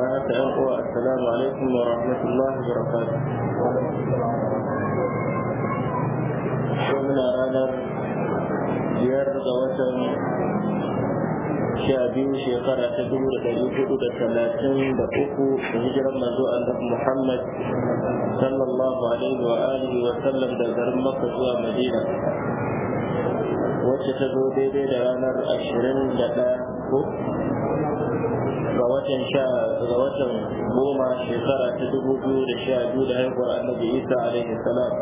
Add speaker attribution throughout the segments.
Speaker 1: bayan ta yan uwa alaikum wa rahmatullahi wa barakatuh yau muna ranar biyar ga watan sha shekara ta dubu da ɗari hudu da talatin da uku da hijiran manzo annabi Muhammad sallallahu alaihi da zuwa Madina wacce ta zo daidai da ranar ashirin da ɗaya ko ga watan sha ga watan goma shekara ta dubu biyu da sha biyu da haihuwar annabi isa alaihi salam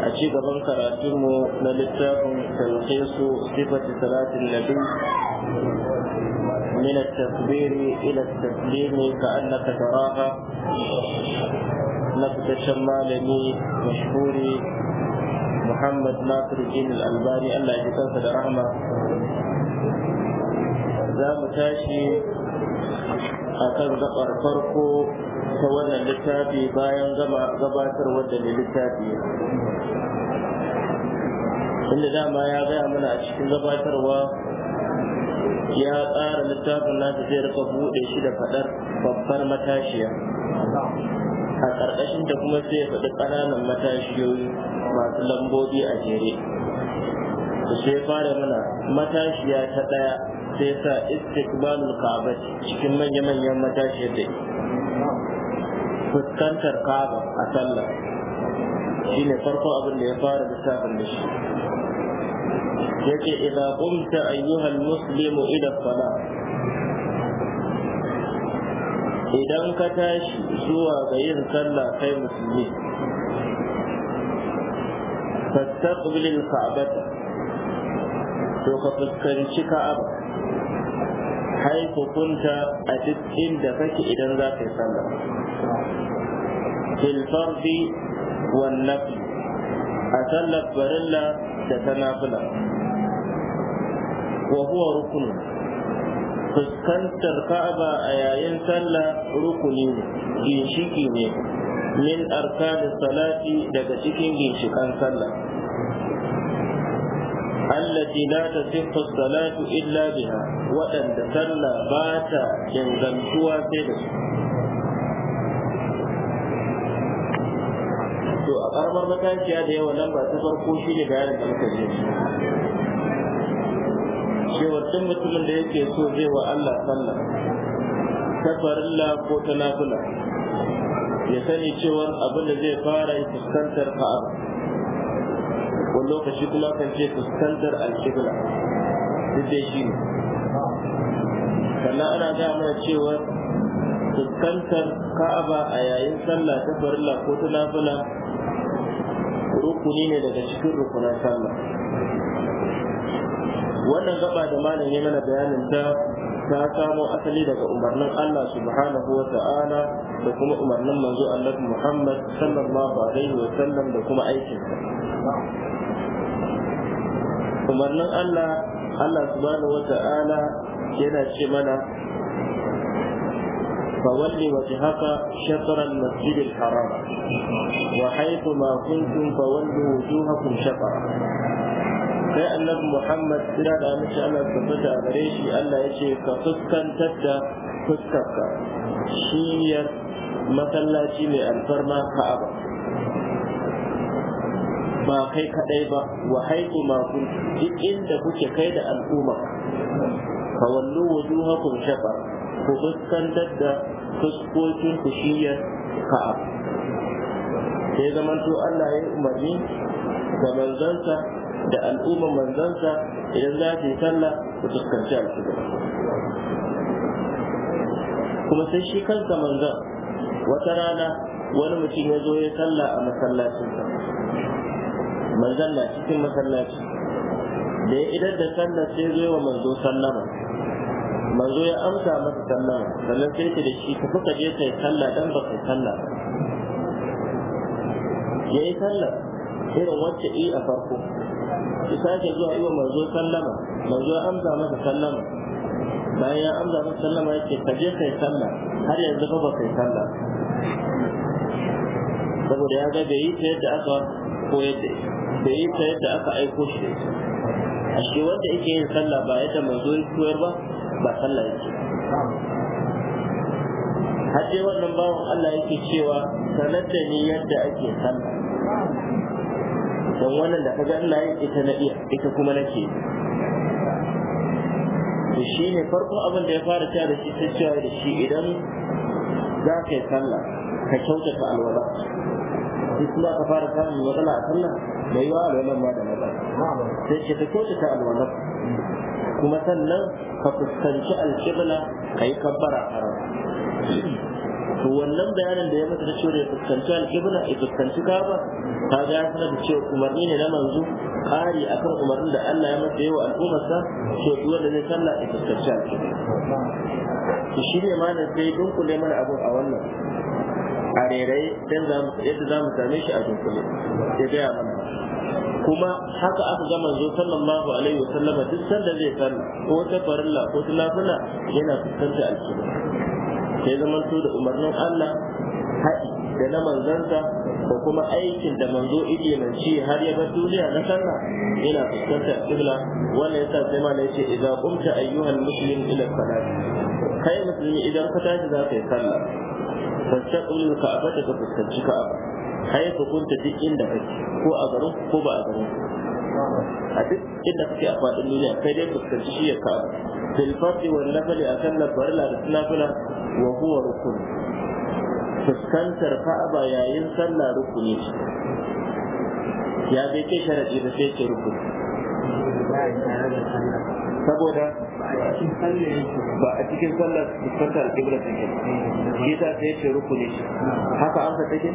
Speaker 1: a ci gaban karatunmu na littafin talhisu sifati salatin nabi من التكبير إلى التسليم كأنك تراها نقد شمالني مشهوري محمد ناصر الدين الألباني الله يجزاك رحمه za mu tashi a kan gabar farko ta wannan littafi bayan gabatar wadda ne littafi inda dama ya gaya mana a cikin gabatarwa ya tsara littafin nasa zai rika buɗe shi da faɗar babbar matashiya a ƙarƙashin da kuma sai ya faɗi ƙananan matashiyoyi masu lambobi a jere da sai fara mana matashiya ta ɗaya sai sa istiqbalul kaaba cikin manya-manyan matashiyar da fuskantar kaaba a sallah shine farko abin da ya fara lissafin da shi yake idza qumta ayyuhal muslimu ila salah idan ka tashi zuwa ga yin sallah kai musulmi fastaqbilil Ka'abata. to ka fuskanci ka'aba haiku hukunta a duk inda kake idan za ka yi sallah fil fardi wan nafi a sallar barilla da ta nafila wa huwa rukun fuskantar ka'aba a yayin sallah rukuni ne ginshiki ne min arkanin salati daga cikin ginshikan sallah التي لا تصح الصلاة إلا بها وأن تسلى بات ينزلتها سيدس to a karamar matakiya da yawa nan ba ta farko shi ne bayanin da muka je cewa duk mutumin da yake so zai wa Allah sallah ta farilla ko ta nafila ya sani cewa abin da zai fara fuskantar ka'aba wani lokaci kuma kan ce fuskantar alkibla duk da shi ne sannan ana ga mana cewa fuskantar ka'aba a yayin sallah ta farilla ko ta nafila rukuni ne daga cikin rukunan sallah wannan gaba da malam ya mana bayanin ta ta samo asali daga umarnin Allah subhanahu wa ta'ala da kuma umarnin manzo Allah Muhammad sallallahu alaihi wa sallam da kuma aikinsa umarnin Allah Allah subhanahu wata'ala yana ce mana فولي وجهك شطر المسجد الحرام وحيث ما كنتم فولوا وجوهكم شطره sai annabi Muhammad sira da mace Allah ta fita a gare shi Allah ya ce ka fuskantar da fuskarka shiyar masallaci mai alfarma Ka'aba ba kai kadai ba wa haiku ma kun duk inda kuke kai da al'umma fa wallu kun shafa ku fuskantar da fuskokin ku shiyar ka'a sai to Allah ya umarni ga manzansa da al'umma manzansa idan za ta yi sallah ku fuskanci al'umma kuma sai shi kansa manzan wata rana wani mutum ya zo ya sallah a masallacinsa manzan na cikin masallaci da ya idar da sallar sai zo wa manzo sallama manzo ya amsa masa sallama sannan sai ta da shi ka fuka je kai sallah dan ba kai sallah ya yi sallar irin wacce yi a farko ya sake zuwa yi wa manzo sallama manzo ya amsa masa sallama bayan ya amsa masa sallama ya ce ka je kai sallah har yanzu ba kai sallah saboda ya ga bai yi ta yadda aka koyar da ita da yi ta yadda aka aiko shi a shi wanda yake yin sallah ba yadda mai zo koyar ba ba sallah yake har dai wannan bawan Allah yake cewa sanar da ni yadda ake sallah don wannan da kaga Allah yin ita na iya ita kuma nake to shi ne farko abin da ya fara ta da shi ta cewa da shi idan za ka yi sallah ka kyautata alwala duk kuma ka fara samun matsala a sallah da yawa alwalar ma da matsala sai ce ta kyauta ta alwalar kuma sannan ka fuskanci alƙibla ka yi kabbara a to wannan bayanin da ya mutu da cewa ya fuskanci alƙibla ya fuskanci kaba ka ga ya sanar da cewa umarni ne na manzo ƙari akan umarnin da Allah ya masa yawa al'ummarsa to duk da zai sallah ya fuskanci alƙibla to shi ne ma sai dunkule mana abu a wannan a rerai yadda za mu same shi a dunkule ya gaya mana kuma haka aka ga manzo sallallahu alaihi wasallama duk sanda zai sallah ko ta farilla ko ta lafuna yana fuskanta alƙibla sai zaman to da umarnin Allah haɗi da na manzanta da kuma aikin da manzo ije nan har ya bar duniya na sanna yana fuskantar kibla wannan yasa sai ma nace idza qumta ayyuhal muslim ila salati kai musulmi idan ka tashi za ka yi sallah fastaqbil ka'bata ka fuskanci ka'aba kai ka kunta duk inda kake ko a garin ko ba a garin a duk inda kake a faɗin duniya kai dai fuskanci shi ya ka'aba fil fardhi wal nafli akan lafarla da nafila wa huwa rukun fuskantar ka'aba yayin sallah rukuni ya bai kai sharadi ba sai ke rukuni saboda ba a cikin sallar fuskantar alƙibla take shi ta sai ce rukuni haka an take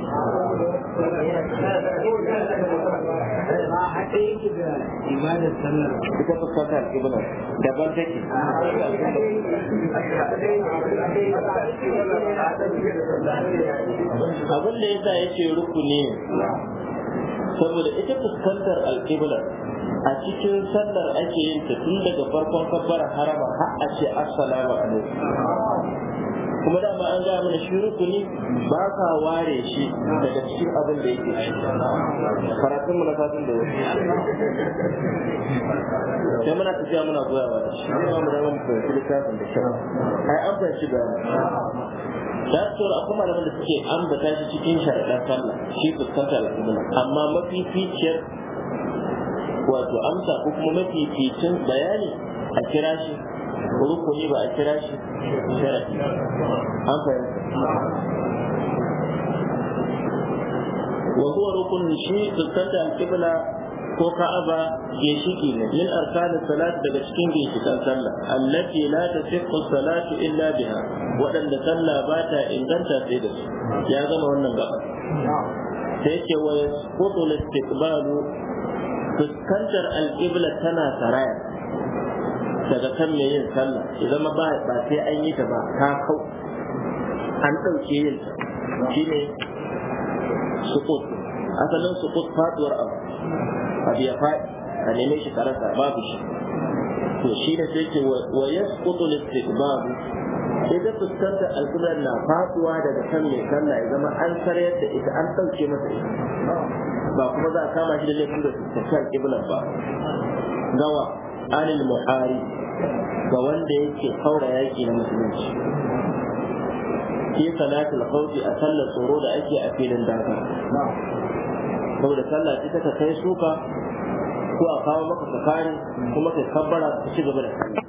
Speaker 1: ita fuskantar alƙibla daban take abin da ya sa ya ce rukuni saboda ita fuskantar alƙibla a cikin sallar ake yin ta tun daga farkon kabbar haraba har a ce assalamu alaikum kuma dama an gaya mana shi ne ba ka ware shi daga cikin abin da yake karatun mu na fasin da wani sai muna tafiya muna goyawa da shi ne mu zama mu fahimci littafin da shi ai an fahimci bayani da su akwai kuma da suke ambata shi cikin sharaɗar sallah shi fuskantar al'umma amma mafi ficiyar wato amsa ko kuma mafi fitin bayani a kira shi rukuni ba a kira shi sharafi an fahimta وهو ركن شيء تستمتع القبلة ko ka'aba ginshiki ne min arkani salat daga cikin ginshikan sallah allati la tasihhu salatu illa biha waɗanda sallah ba ta inganta sai da su ya zama wannan gaba sai ce wa yasqutu al-istiqbalu fuskantar alƙibla tana saraya daga kan mai yin sallah ya zama ba ba sai an yi ta ba ta kau an ɗauke yin ta shi ne sukut asalin sukut faduwar abu abu ya faɗi a neme shi karasa babu shi to shi ne sai ke wa yasqutu listiqbal sai fuskantar fuskanta na fasuwa daga kan mai sallah ya zama an sarayar da ita an ɗauke masa ita ba kuma za a kama shi da laifin da fuskanta alƙiblar ba gawa alil muhari ga wanda yake haura yaƙi na musulunci ke salatul khawfi a sallar tsoro da ake a filin daga saboda sallah ita ta kai suka ko a kawo maka tsakani kuma kai kabbara ka ci gaba da sallah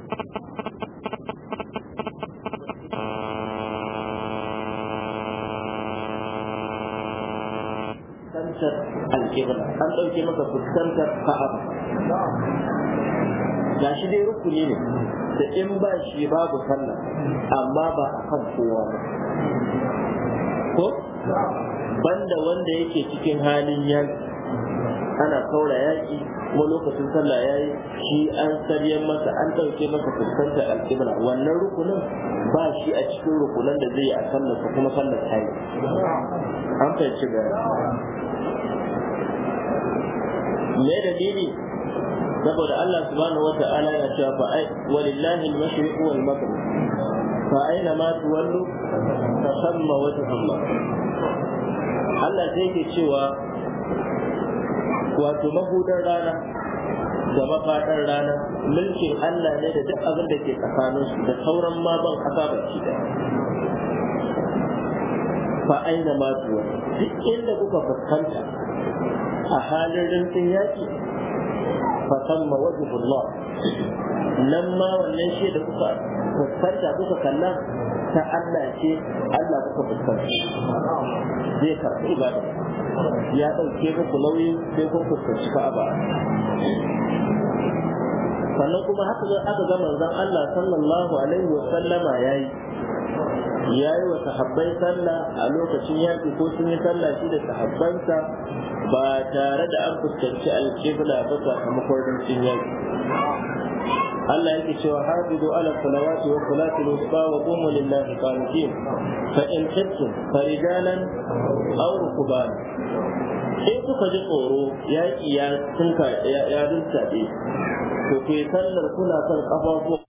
Speaker 1: fuskantar alƙibla an ɗauke maka fuskantar ka'aba ga shi dai rukuni ne da in ba shi babu sallah amma ba a kan kowa ba ko banda wanda yake cikin halin yaki ana saura yaki kuma lokacin sallah ya yi shi an saryan masa an ɗauke masa fuskantar alƙibla wannan rukunin ba shi a cikin rukunan da zai yi a sallarsa kuma sallar ta yi an fahimci gari me dalili saboda Allah subhanahu wata'ala ya cewa fa ai walillahi al-mashriq wal maghrib fa aina ma tuwallu fa thamma wajhu Allah Allah sai yake cewa wato mahudar rana da mafaɗar rana mulkin Allah ne da duk abin da ke tsakanin su da sauran ma ban kasa baki da fa aina ma tuwallu duk inda kuka fuskanta a halin rantsin yaƙi ma wajen wajhullah nan ma wannan shi da kuka fuskanta kuka kalla ta Allah ce Allah kuka fuskanta zai karɓi ibada ya ɗauke muku nauyin sai kun fuskanci ka'aba sannan kuma haka aka ga manzon Allah sallallahu alaihi wa sallama yayi ya yi wa sahabbai sallah a lokacin yaƙi ko sun yi sallah shi da sahabbansa ba tare da an fuskanci alƙibla ba sakamakon rintsin yaƙi Allah yake cewa hafizu ala salawati wa salati al-wusta wa qumu lillahi qanitin fa in khiftum farijalan aw rukban sai kuka ji tsoro yaki ya tunka ya rintaɗe to ku yi sallar kuna kan ƙafafuwa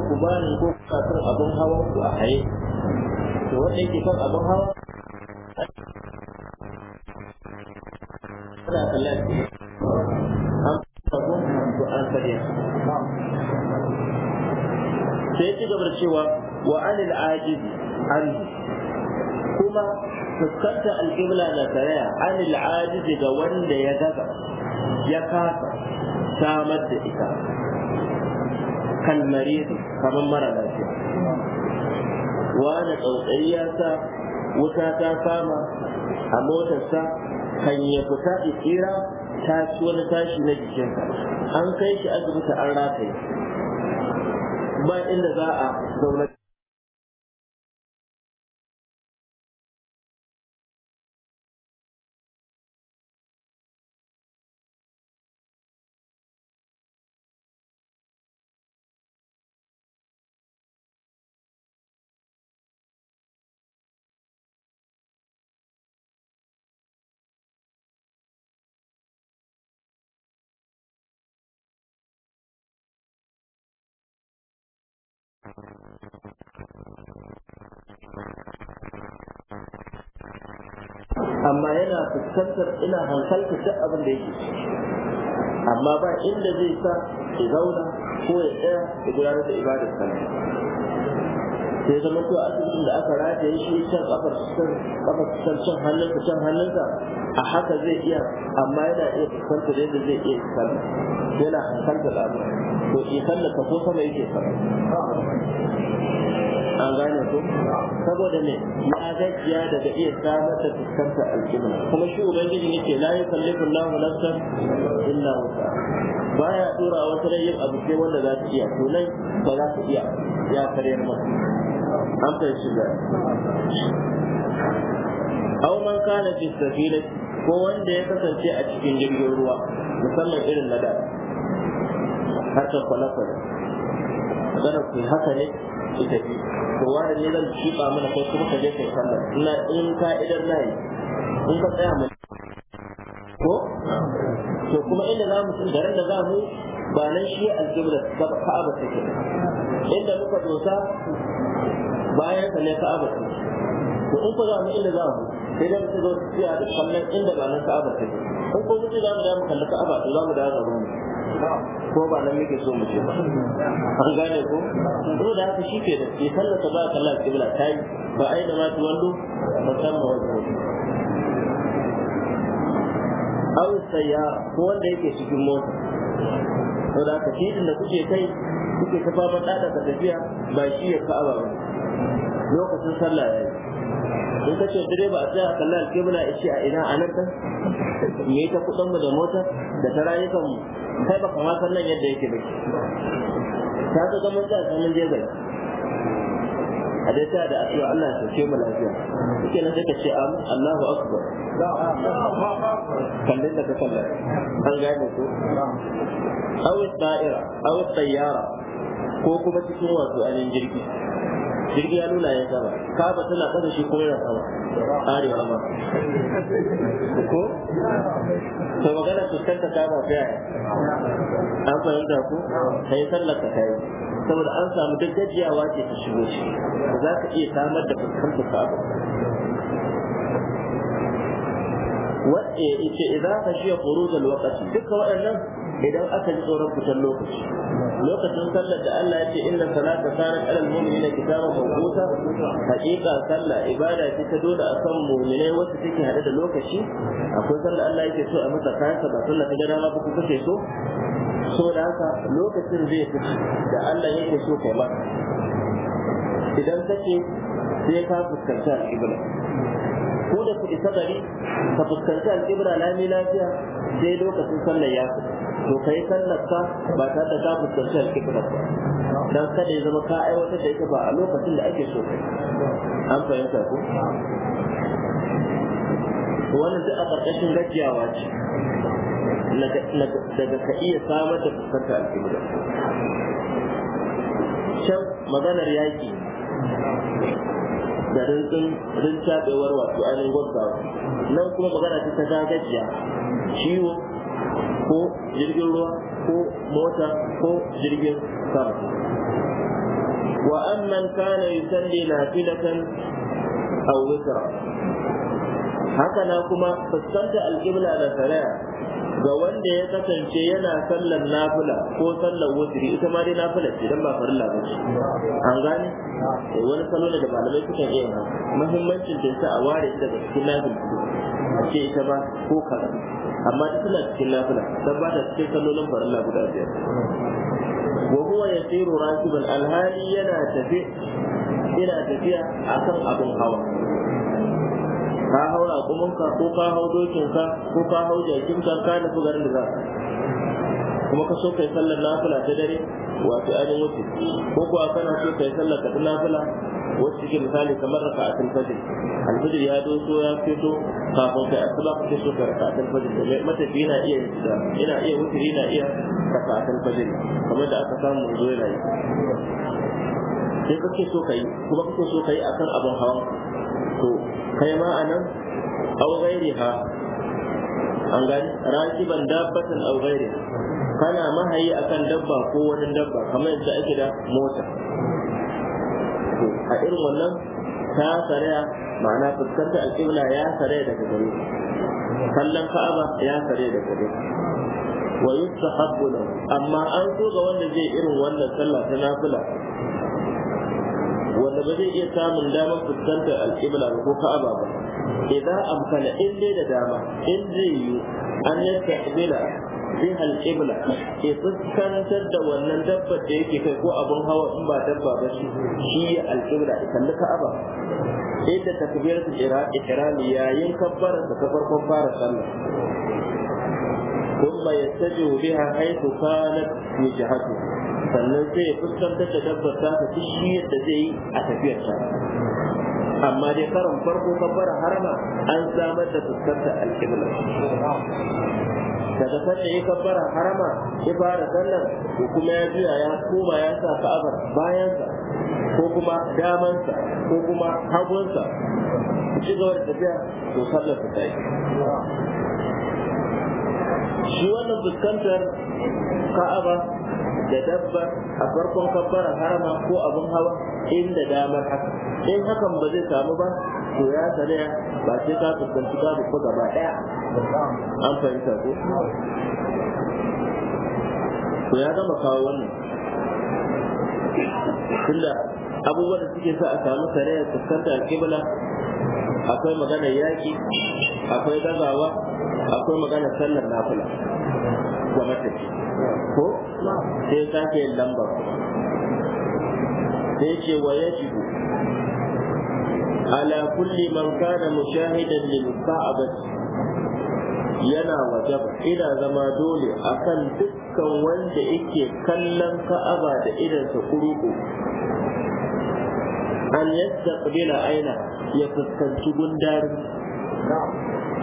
Speaker 1: Kubani kok kata abang hawa tu ahai wanda yake kan abin hawa ana kallon an fago to an kare sai ci gaba da cewa wa anil ajiz an kuma fuskanta alƙibla na taraya anil ajiz ga wanda ya gaza ya kasa samar da ita kalmari kamar mara lafiya wani tsautsayi ya sa wuta ta kama a motarsa kan ya fita tsira ta ci wani tashi na jikinsa an kai shi asibiti an rataye ba inda za a zaune amma yana fuskantar ina hankalta duk abin da yake amma ba inda zai sa ya zauna ko ya tsaya ya gudanar da ibadar sa sai zama to asibitin da aka rataye shi can kafar can kafar can can hannunsa can hannunsa a haka zai iya amma yana iya fuskantar yadda zai iya sallah yana hankalta da abu to in sallah ka sama yake sallah an gane ko saboda me ya gajiya daga iya samar da fuskantar alƙibla kuma shi ubangiji yake la yukallifu Allahu nafsan illa Ba ya dora wata rai yin abu sai wanda za su iya to nan ba za ta iya ya karyar ba an fahimci da aw man kana fi safinati ko wanda ya kasance a cikin jirgin ruwa musamman irin na da harkar kwale-kwale magana ku haka ne ita biyu to wani ne zan tuba mana kai kuma ka je ka kalla ina in ka idan nayi in ka tsaya mu ko to kuma inda za mu garin da za mu ba nan shi alƙibla ka'aba ke inda muka dosa bayan ka ne ka'aba take to in ko za mu inda za mu sai da mutum zo tsaya da kallon inda ba nan ka'aba take in ko mutum za mu da mu kalli ka'aba to za mu da gaban mu ko ba nan muke so mu ce ba an gane ko to da haka shi ke da ke sallata ba ka la kibla tai ba ai da ma tu wallo ba san ma wallo aw sayya ko wanda yake cikin mota ko da haka titin da kuke kai kuke kafa ba da ka tafiya ba shi ya ka'aba ba lokacin sallah yayi in ka ce direba a tsaya kallon alkibla ishi a ina a nan me ta kudin mu da motar, da ta rayukan mu kai ba kama sannan yadda yake ba ta ga mun da mun je bai a dai ta da addu'a Allah ya sauke mu lafiya yake nan take ce am Allahu akbar kallin da ka kalla an gane ko aw da'ira aw tayyara ko kuma cikin wato anin jirgi jirgi ya nuna ya sama kaba tana kasa shi ko yana sama arewa ma ko to magana fuskanta ta ba ta yaya an fahimta ko yi sallar ka yi, saboda an samu duk gajiyawa ce ta shigo shi za ka iya samar da fuskanta ta abu wa'e eh, ce idan ka shiya furuzal waqti duka waɗannan idan aka ji tsoron fitar lokaci lokacin sallar da Allah ya ce inna salata kanat alal mu'minina kitaba mawquta haqiqa sallah ibada ce ta dole a kan mu'minai wacce take hada da lokaci akwai sallar Allah yake so a masa kansa ba sallar ta gada ba ku kace so so da haka lokacin zai fice da Allah yake so kai ba idan kace sai ka fuskanci al'ibla ko da ku isa gari ka fuskanci al'ibla lami lafiya sai lokacin sallar ya fita to kai sallar ka ba ta da ta fuskanci alƙiblar ba dan kada ya zama ka aiwatar da ita ba a lokacin da ake so an fahimta ko wannan duk a ƙarƙashin gajiyawa ce daga ka iya samar da fuskantar alƙiblar can maganar yaƙi da rintsin rintaɓewar wato ainihin gwabzawa nan kuma magana ta ta gajiya ciwo ko jirgin ruwa ko mota ko jirgin sama wa amman kana yusalli nafilatan aw witra haka na kuma fuskanta alqibla da salaya ga wanda ya kasance yana sallan nafila ko sallan wutri ita ma dai nafila ce dan ba farilla ba an gane eh, wani salo ne da malamai suka yi muhimmancin ta a ware daga cikin nafila a ce ita ba ko kaza amma duk suna cikin nafila dan ba ta cikin sallolin farilla guda biyar wa huwa yasiru rakiban alhali yana tafi tafiya akan abin hawa ka hau ka ko ka hau dokin ka, ko ka hau jakin ka nufi garin da za kuma ka so ka yi sallar nafila ta dare wato ainihin wuce ko kuwa kana so ka yi sallar ta nafila wacce ke misali kamar raka a fajr alfajir ya doso ya fito kafin kai asuba kake so ka raka a fajr da matafi na iya yin da ina iya wuce ina iya raka a fajr kamar da aka samu zo yana yi sai kake so ka yi? kuma kake so ka yi akan abin hawa to kai ma anan au ha, an gani ban dabbatan au ghairiha kana mahayi kan dabba ko wani dabba kamar yadda ake da mota a irin wannan ta saraya ma'ana fuskanta alƙibla ya saraya daga gare kallon ka'aba ya saraya daga gare wa yustahabbu lahu amma an so ga wanda zai irin wannan sallah ta nafila wanda ba zai iya samun damar fuskantar alƙibla ba ko ka'aba ba idan amkana in dai da dama in zai yi an yasta ƙibla bihal qibla ke fuskantar da wannan dabbar da yake kai ko abun hawa in ba dabba ba shi shi ya alqibla ita da ka'aba sai da takbiratul ihrami yayin kabbara ta farkon fara sallah kuma ya tajo biha haitu kanat wajhatu sannan sai ya fuskantar da dabbar ta ta shi yadda zai yi a tafiyarsa amma dai karon farko kabbara harama an samar da fuskantar alƙibla daga sanda ya kabbara harama ya fara sallar ko kuma ya juya ya koma ya sa ka'abar bayansa ko kuma damansa ko kuma hagunsa ci gaba da tafiya to sallar ta yi shi wannan fuskantar ka'aba da dabba a farkon kabbara harama ko abin hawa inda damar haka in hakan ba zai samu ba to ya sanaya ba sai ta fuskanci babu ko gaba daya an fahimta ko to ya gama kawo wannan tunda abubuwan da suke sa a samu sanayar fuskanta a kibla akwai maganar yaƙi akwai gazawa akwai magana sallar nafila ga matafi ko sai sake lambar sai ce wa yajibu على كل من كان مشاهدا للكعبة yana wajaba ina zama dole akan dukkan wanda yake kallon ka'aba da idansa kuruku an yadda ƙabila aina ya fuskanci gundarin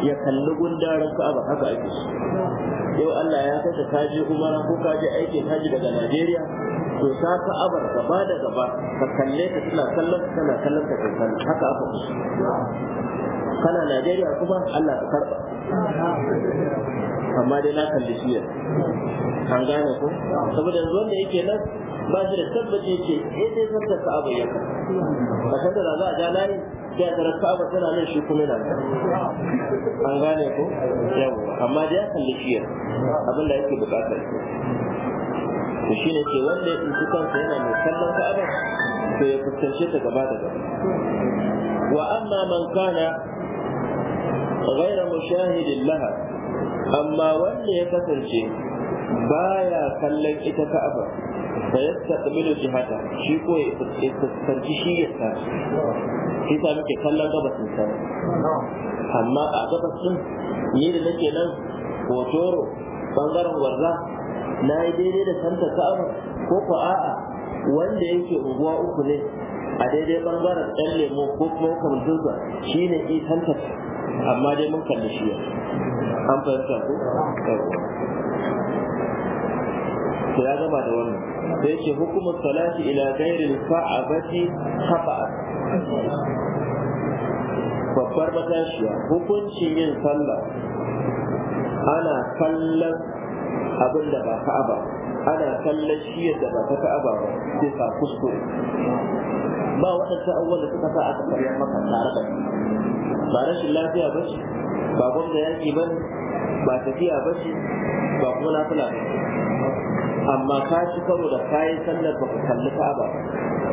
Speaker 1: ya kalli gundarin ka'aba haka ake yau Allah ya kashe kaje umara ko kaje aikin haji daga Najeriya to ta abar gaba da gaba ka kalle ta tana kallon ta tana kallon ta ta kallon haka aka kusa kana Najeriya kuma Allah ka karba amma dai na kalli shiyar an gane ko saboda yanzu wanda yake nan ba shi da tabbaci yake eh dai zan ka ka'aba ya ka san da za a ja layi sai ta ka'aba tana nan shi kuma yana an gane ko yawa amma dai ya kalli shiyar abin da yake bukatar to ne ce wanda ya tsinci kansa yana mai kallon ka'aba to ya fuskanci ta gaba da gaba wa amma man kana ghayra mushahidin laha amma wanda ya kasance baya kallon ita ka'aba fa yastaqbilu jihata shi ko ya fuskanci shi ya sa shi sa muke kallon gabasin sa amma a gabas gabasin ni da nake nan ko toro bangaren gwarza na yi daidai da santa ka'aba ko ko a'a wanda yake unguwa uku ne a daidai bangaren ɗan lemo ko kuma makamantinsa shi ne i santa amma dai mun kalli shi an fahimta ko to ya gama da wannan sai ce hukumar salati ila gairin ka'abati haba'a babbar matashiya hukuncin yin sallah ana kallon abin da ba ka Aba, ana kallon shi yadda ba ka Aba ba sai ka kuskure ba waɗansu abubuwan da suka sa aka karya maka tare da ba rashin lafiya ba shi, ba gwamna yaƙi ba ba tafiya ba shi, ba kuma nafila ba amma ka ci karo da kayan sallar ba ka kalli ka'aba ba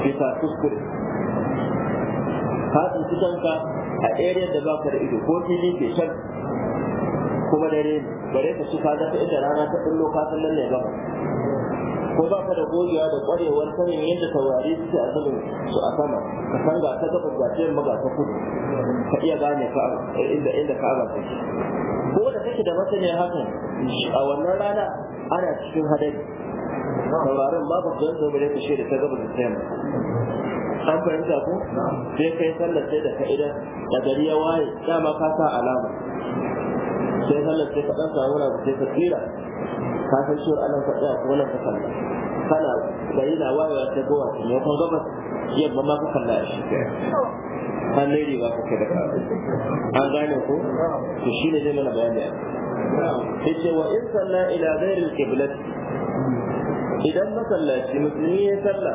Speaker 1: sai ka kuskure ka tsinci kanka a area da baka da ido ko fili ke shan kuma dare ne bare ka ci kaga ta ita rana ta ɗullo ka san lalle ba ko ba ka da gogewa da ƙwarewar sanin yadda taurari suke a zubin su a sama ka san ga ta gaba ga ciyar maga ta kudu ka iya gane ka inda inda ka aga ta ko da kake da masaniya hakan a wannan rana ana cikin hadari taurarin ma ba su zan zo bare ka shaida ta gaba da ciyar an fahimta ko sai kai sallar sai da ka'ida da gari ya waye dama ka sa alama sai sallar sai ka ɗan samu wani abu sai ka tsira ka san ciwon anan ka tsaya ko nan ka kalla kana gari na wayewa sai ko gowa ta maimakon gabas yamma ma ka kalla shi An ne riga ka kai da ka an gane ko to shi ne zai mana bayani a ce wa in salla ila ghairil qiblat idan masallaci musulmi ya salla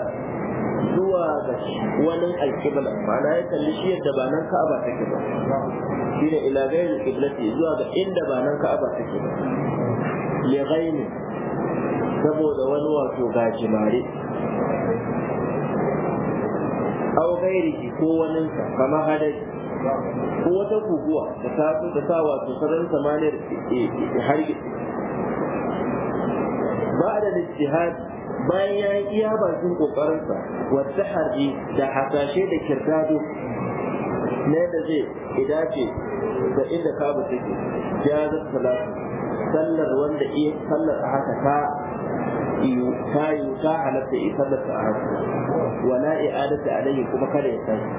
Speaker 1: zuwa ga wani alƙibla ma'ana ya kalli shi yadda ba nan ka'aba take ba shi ne ila gairi alƙiblati zuwa ga inda ba nan ka'aba take ba li ghaini saboda wani wato gajimare aw gairihi ko waninsa kama hadari ko wata guguwa da ta su da sa wato sararin samaniyar eh, eh, eh, har ba da ijtihadi bayan ya yi iya bakin kokarinsa wata harji da hasashe da kirkado na yadda zai idace da inda kabu take jazar salatu sallar wanda iya sallar a haka ta iyu ta yi ta halatta iya sallar ta a haka wala iya i'adata alayhi kuma kada ya tashi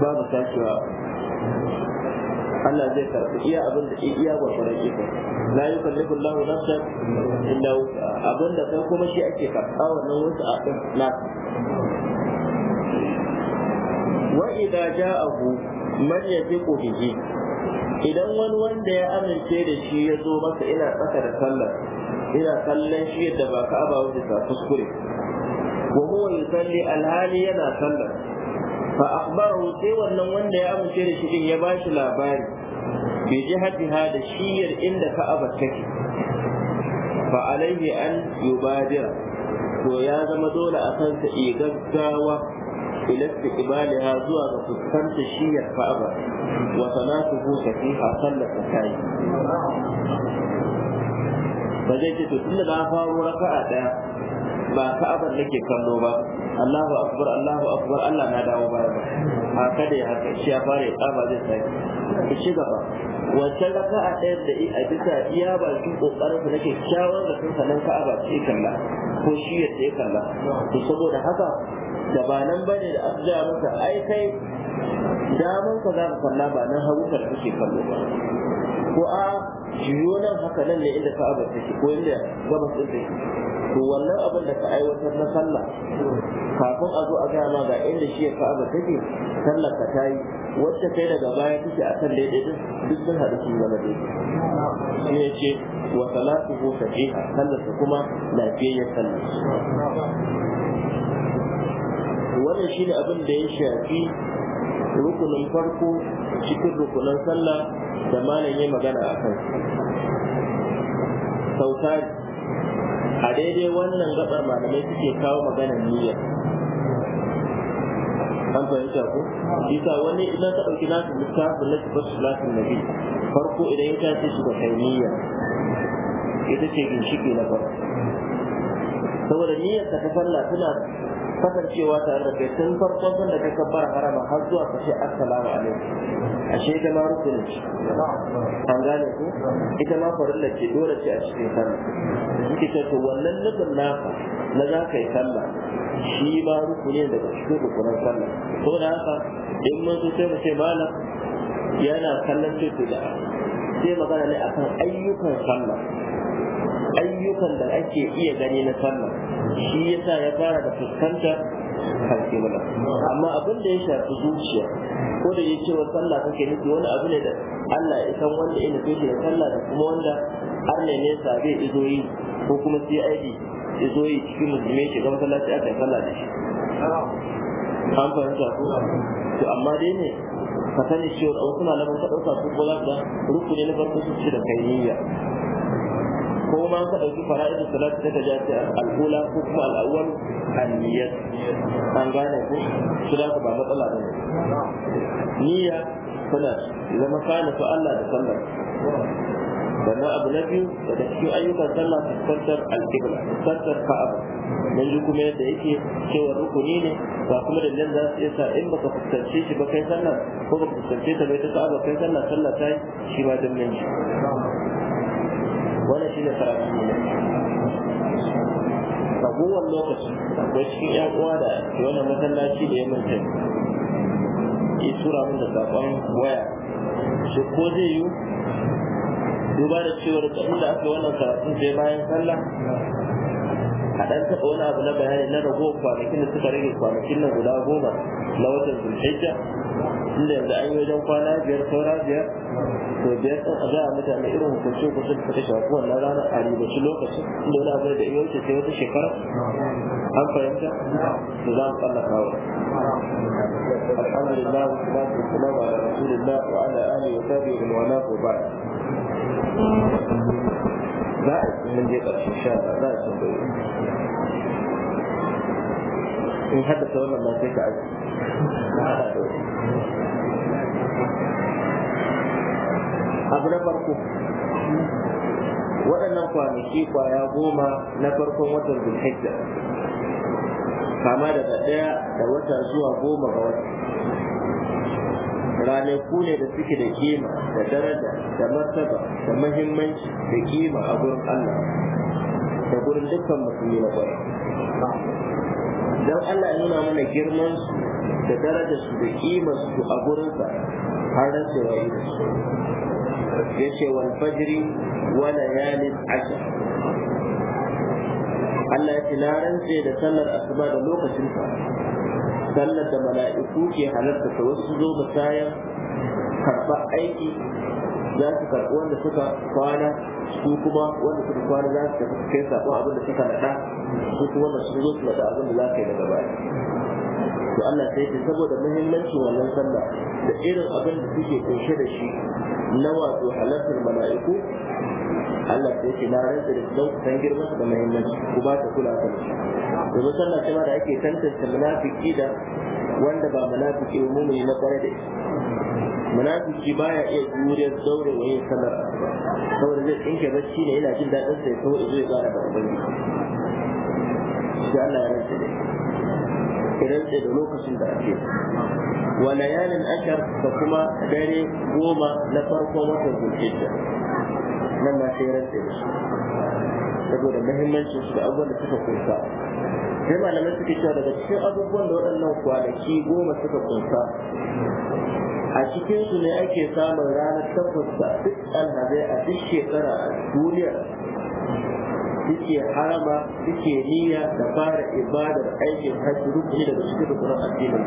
Speaker 1: babu tashiwa Allah zai karɓi iya abin da iya gwargwaron iko la yukallifu Allahu nafsan illa abin da kai kuma shi ake karɓa wannan wasu a ɗin nasa wa idza ja'ahu man yafiqu bihi idan wani wanda ya amince da shi ya zo maka, ina tsaka da sallar ina kallon shi yadda ba ka aba wanda ta kuskure wa huwa yusalli alhali yana sallar fa akhbarahu sai wannan wanda ya amince da shi din ya bashi labari bi jihatiha da shiyar inda ka'aba take fa alaihi an yubadira to ya zama dole a kansa iya gaggawa ila istiqbaliha zuwa ga fuskanta shiyar ka'aba wa salatuhu sahiha sallar sakai ba zai ce to tunda na faro raka'a daya ba ka'abar nake kallo ba Allahu akbar Allahu akbar Allah na dawo baya ba haka da ya haka shi ya fara ya tsaba zai sake ki ci gaba wancan raka a da a bisa iya bakin ƙoƙarin su na kyakkyawan da sun sanan ka'aba ce kalla ko shi ya ce kalla to saboda haka da ba nan ne da aka ja masa ai kai daman ka za ka kalla ba nan hagu ka kake kallo ba ko a jiyo nan haka nan ne inda ka'aba take ko inda gabas din to wannan abin da ka aiwatar na sallah kafin a zo a gaya ma ga inda shi ya ta take sallar ka ta yi wacce kai daga baya take a kan daidai din duk sun haɗu su zama daidai shi ya ce wa salatu ko sahiha sallar ta kuma lafiyayyar sallar wannan shi ne abin da ya shafi rukunin farko cikin rukunin sallah da malam ya magana a kai sautari a daidai wannan gaɓar malamai suke kawo maganar niyya an fahimta ko bisa wani idan ka ɗauki nasu littafi na tabbas na nabi farko idan ya tashi su da kai niyya ita ce ginshiki na farko saboda niyyar ta sallah tana kasancewa tare da kai tun farkon sun da kai kabbara harama har zuwa ka ce assalamu alaikum ashe ita ma rukuni ce an gane ku ita ma da ke dole ce a cikin sallah suke ce to wannan nufin naka na za ka yi sallah shi ma ne daga cikin rukunan sallah da haka in mun so sai mu ce malam yana kallon ce da sai magana ne akan ayyukan sallah ayyukan da ake iya gani na sallah shi yasa ya fara da fuskanta harfi amma abin da ya shafi zuciya ko da yake wa sallah kake nufi wani abu ne da Allah ya san wanda ya so shi sallah da kuma wanda har ne ne zai izo yi ko kuma sai aidi izo yi cikin musulmi ke ga masallaci aka sallah da shi an fahimta ko to amma dai ne ka sani cewa a wasu malaman ka ɗauka su ko za ka rukuni na farko su ce da kai niyya ko ma ka dauki fara'id salati ta tajati al-ula ko kuma al-awwal an-niyyat an gane ko su da ba matsala bane niyya tana zama kana fa Allah da sallar sannan abu na biyu daga cikin ayyukan sallah fuskantar alƙibla fuskantar ka'aba nan ji kuma yadda yake cewa rukuni ne ba kuma da nan za su iya sa in baka fuskance shi ba kai sallah ko baka fuskance ta bai ta ka'aba kai sallah sallah ta yi shi ma dan nan wannan shine karatu ne ragowar lokaci akwai cikin yan uwa da wani masallaci da ya manta ya tura min da sakon waya shi ko zai yi duba da cewar da inda aka wannan karatun sai bayan sallah a ɗan taɓa wani abu na bayani na rago kwanakin da suka rage kwanakin nan guda goma na watan zulhijja inda yanzu an yi wajen kwana biyar saura biyar to biyar ɗin a gaya mutane irin hukunci hukunce sun fita shafi wannan rana a ribaci lokacin inda wani abu da iya wuce sai wata shekara an fahimta da za mu tsallaka wa alhamdulillah wa salatu wa salamu ala rasulillah wa ala alihi wa sahbihi wa man wala wa za a mun je ƙarshen sha za a tambayi in haddasa wannan ma sai ka aji abu na farko waɗannan kwanaki kwaya goma na farkon watan zulhijja kama daga ɗaya da wata zuwa goma ga wata ku ne da suke da kima da daraja da martaba da mahimmanci da kima a gurin Allah da gurin dukkan musulmi na kwarai don Allah ya nuna mana girman su da darajar su da kima su a gurin sa har da su yayi da su ya ce wal fajri wa layalin ashr Allah ya ce na rantse da sallar asuba da lokacin sa sallar da mala'iku ke halarta ta wasu zo bayan karɓar aiki za su karɓi wanda suka kwana su kuma wanda suka kwana za su tafi kai saƙon abin da suka naɗa su kuma wanda sun zo su naɗa abin da za ka yi daga baya to Allah sai ta saboda muhimmancin wannan sallah da irin abin da suke kunshe da shi na wato halartar mala'iku Allah sai ce na rantsa da don san girman da muhimmanci ku ba ta kula da shi domin sallah ce ma da ake tantance munafiki da wanda ba munafiki ba mumuni na kware da shi munafiki baya iya juriyar daure wa yin sallar saboda zai tsinke bacci ne yana jin daɗin sai kawai zai fara da ubangiji sai Allah ya rantsa da idan sai da lokacin da ake wa layalin ashar da kuma dare goma na farkon watan zulhijja nan na sai rantsa da su saboda muhimmancin su da abubuwan da suka kunsa sai malamai suke cewa daga cikin abubuwan da waɗannan kwanaki goma suka kunsa a cikin su ne ake samun ranar takwas da duk alhazai a duk shekara a duniya suke harama suke niyya da fara ibadar aikin hajji rukuni daga cikin rukunin addinin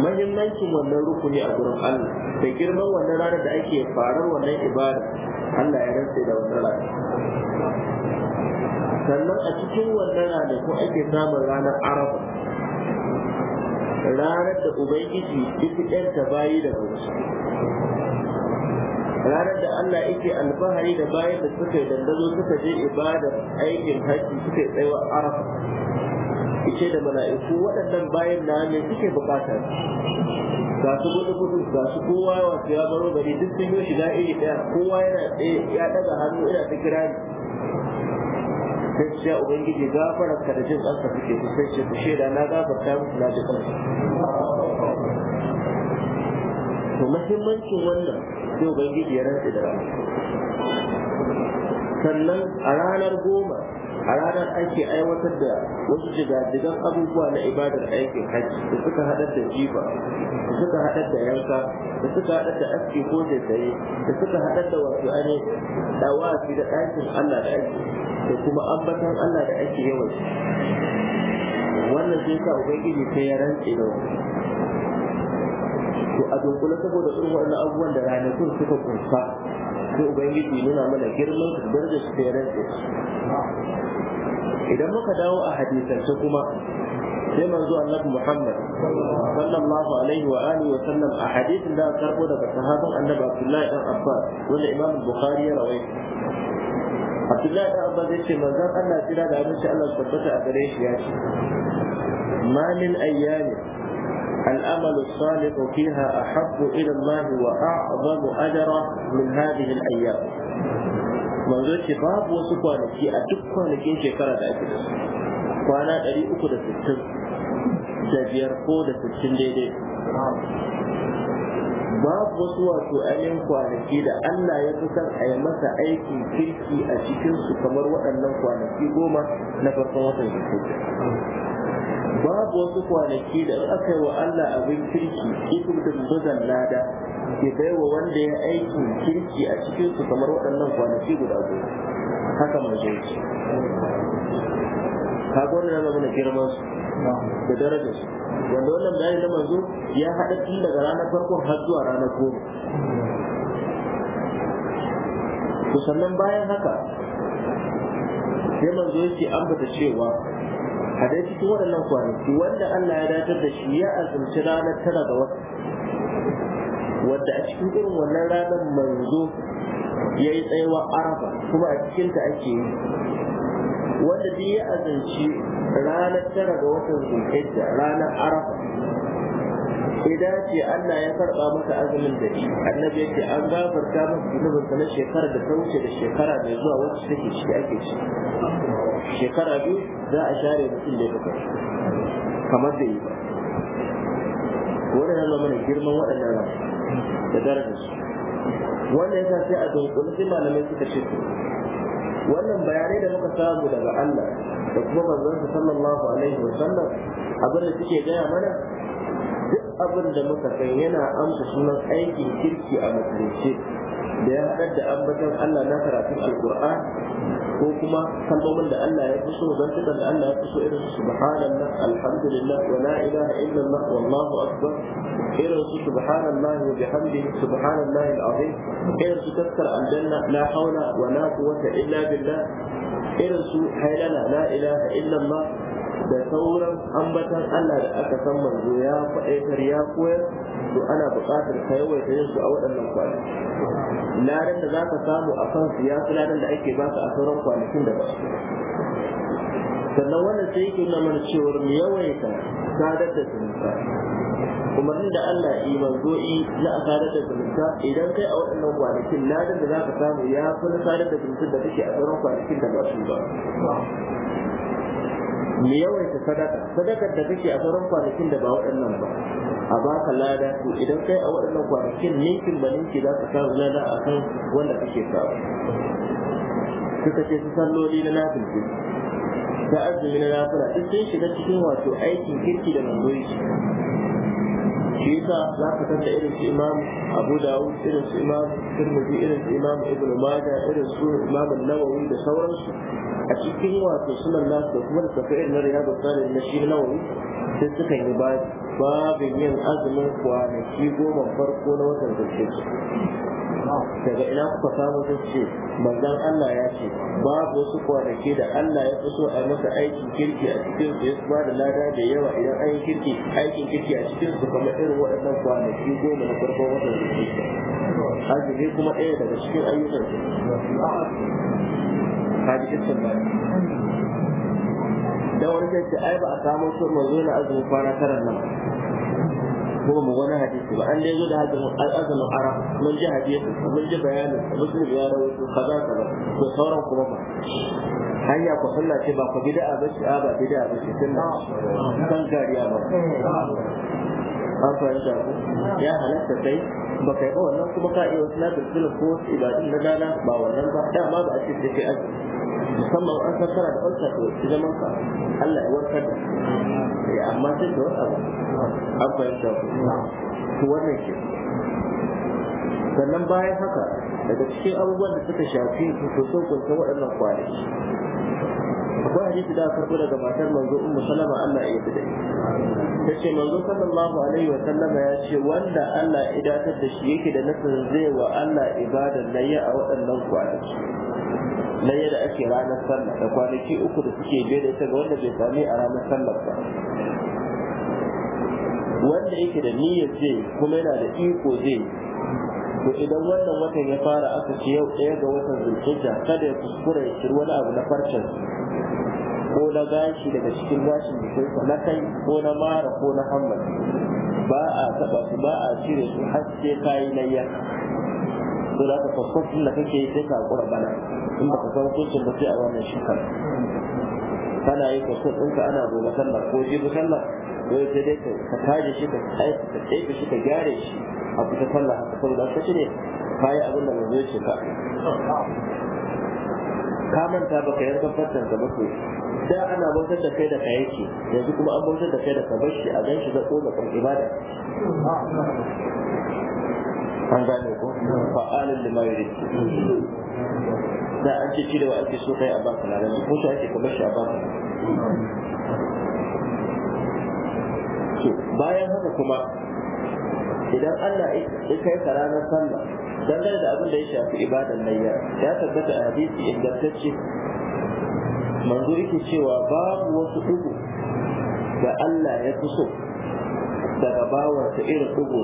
Speaker 1: mahimmancin wannan rukuni a gurin Allah da girman wannan ranar da ake farar wannan ibada Allah ya rantse da wannan rana sannan a cikin wannan rana ko ake samun ranar arafa ranar da ubangiji duk ta bayi da bauta ranar da Allah yake alfahari da bayan da suka yi dandazo suka je ibadar aikin haji suka yi tsayuwar arafa ice da mala'iku waɗannan bayan na ne suke bukata ga su gudu gudu ga su kowa wasu ya baro gari duk sun yi shiga iri ɗaya kowa yana ya ɗaga hannu ina ta kira ni sai ya ubangiji gafarar ka da jin ƙansa suke ku sai ce ku shaida na gafarta musu na ji to muhimmancin wannan sai ubangiji ya rantsi da rana sannan a ranar goma a ranar ake aiwatar da wasu jigajigan abubuwa na ibadar aikin hajji da suka haɗar da jiba da suka haɗar da yanka da suka haɗar da aski ko da tsaye da suka haɗar da wasu ane dawasi da ɗakin Allah da ake da kuma ambatan Allah da ake yawan wannan sai sa ubangiji sai ya rantse da to a dunkule saboda irin waɗannan abubuwan da ranakun suka kunsa sai ubangiji nuna mana girman su darajar su sai rantse idan muka dawo a hadisance kuma sai manzo annabi Muhammad sallallahu alaihi wa alihi wa sallam a hadisin da aka karbo daga sahaban annabi Abdullahi dan Abbas wanda Imam Bukhari ya rawaita Abdullahi dan Abbas yace manzon Allah jira da abinci Allah tabbata a gare shi ya ce ma min ayyami الأمل الصالح فيها أحب إلى الله وأعظم أجرا من هذه الأيام manzo ce babu wasu kwanaki a duk kwanakin shekara da ake da su kwana ɗari uku da sittin da biyar ko da sittin daidai babu wasu wato ainihin kwanaki da Allah ya fi san a yi masa aikin kirki a cikinsu kamar waɗannan kwanaki goma na farkon watan shekara babu wasu kwanaki da aka yi wa Allah abin kirki ikin da lada ke baiwa wanda ya aiki kirki a cikin su kamar waɗannan kwanaki guda goma haka manzo yake ka ga wannan zama na girman su da daraja su wanda wannan bayani na manzo ya haɗa tun daga ranar farkon har zuwa ranar goma to sannan bayan haka sai manzo yake ambata cewa a dai cikin waɗannan kwanaki wanda Allah ya dace da shi ya azumci ranar tara ga wata wadda a cikin irin wannan ranar manzo ya yi tsayawa arafa kuma a cikinta ake yi wanda duk ya azanci ranar tara ga watan zulhijja ranar arafa idan ce Allah ya karɓa maka azumin da shi annabi yake an gafarta maka zunubin sa na shekara da ta wuce da shekara mai zuwa wacce take ciki ake ciki, shekara biyu za a share mutum da ya kamar da yi ba wannan yana mana girman waɗannan ranar da darajar su wannan yasa sai a dunkule sai malamai suka ce wannan bayanai da muka samu daga Allah da kuma manzon sallallahu alaihi wa sallam abin da suke gaya mana duk abin da muka san yana amsa sunan aikin kirki a musulunci da ya haɗar da ambaton Allah na karatun alkur'an ko kuma kalmomin da Allah ya fi so zantukan da Allah ya fi so irin su subhanallah alhamdulillah wa la ilaha illallah wallahu akbar irin su subhanallah wa bihamdihi subhanallah alazim irin su taskar aljanna la hawla wa la quwwata illa billah irin su haylana la ilaha illallah da sauran ambatan Allah da aka san manzo ya faɗaitar ya koyar to ana buƙatar ka yawaita yin su a waɗannan kwanaki ladan da za ka samu a kan su ya fi ladan da ake baka a sauran kwanakin da ba sannan wannan sai yake nuna mana cewar mu yawaita sadar da zumunta umarnin da Allah yi manzo'i na a sadar da zumunta idan kai a waɗannan kwanakin ladan da za ka samu ya fi na sadar da zumunta da kake a sauran kwanakin da ba su ba mu yawaita sadaka sadakar da kake a sauran kwanakin da ba waɗannan ba a baka lada to idan kai a waɗannan kwanakin ninkin ba ninki za ka samu lada a kan wanda kake samu suka ce su salloli na nafilci da azumi na nafila duk sun shiga cikin wato aikin kirki da manzoyi shi yasa za ka san da irin su imam abu dawud irin su imam tirmidhi irin su imam ibnu majah irin su imam nawawi da sauransu a cikin wato sunan nasu da kuma da tafi'in na riyadu tsarin na shi nawawi sai suka yi babin yin azumin kwanaki goma farko na watan zulhijja daga ina kuka samu sun ce manzon Allah ya ce babu wasu kwanaki da Allah ya fi so a masa aikin kirki a cikin su ya ba da lada da yawa idan an yi kirki aikin kirki a cikin su kamar irin waɗannan kwanaki goma na farkon watan zulhijja azumi kuma ɗaya daga cikin ayyukan su kaji dan wani zai ce ai ba a samu su manzo na azumi kwana tara nan ko mu wani hadisi ba an dai zo da hadisin azumin ara mun ji hadisi mun ji bayanin kaza kaza sauran kuma ba hanya ku sunna ce ba ku bid'a ba ce ba bid'a ba ce kan gariya ba an ya halatta sai ba kai ba wannan kuma ka iya wasu lafiya suna ko wasu ibadun na dana ba wannan ba da ma ba a ce da ke aji musamman an san kana da ulcer to wasu zaman ka Allah ya warkar da ya eh, amma sai da wata abu an fahimta to wannan ke sannan bayan haka daga cikin abubuwan da suka shafi hukuncin waɗannan kwanaki akwai hadisi da karbo daga matar manzo ummu Sallama Allah ya yi ta ce manzo sallallahu alaihi wa sallama ya ce wanda Allah ya idatar da shi yake da nasarar zai wa Allah ibadar layya a waɗannan kwanaki layya da ake ranar sallah da kwanaki uku da suke biye da ita ga wanda bai sami a ranar sallah ba wanda yake da niyyar zai kuma yana da iko zai to idan wannan watan ya fara aka ce yau ɗaya ga watan zulhijja kada ya kuskura ya ciri wani abu na farcen ko na gashi daga cikin gashin jikinsa na kai ko na mara ko na hammar ba a taɓa su ba a cire su har sai na yan to da ka fakkofin da kake yi sai ka hakura bana in ba ka san hukuncin ba sai a wannan shekara kana yi kaso ɗinka ana gobe sallah ko jibi sallah ko sai dai ka taje shi ka aika ka tsefe shi ka gyare shi a kusa sallah haka saboda ka cire kayi abin da manzo ce ka ka manta baka yankan fatan ka ba da ana bautar da kai da ka yake yanzu kuma an bautar da kai da ka bashi a gan shi da ko da ibada an gane ko fa'alin lima yuri da an ce cirewa ake so kai a baka na ko shi ake ka shi a baka bayan haka kuma idan Allah ya kai ka ranar sallah dangane da abin da ya shafi ibadan layya ya tabbata a hadisi ingantacce manzo yake cewa babu wasu dugu da Allah ya fi so daga bawarsa irin dugu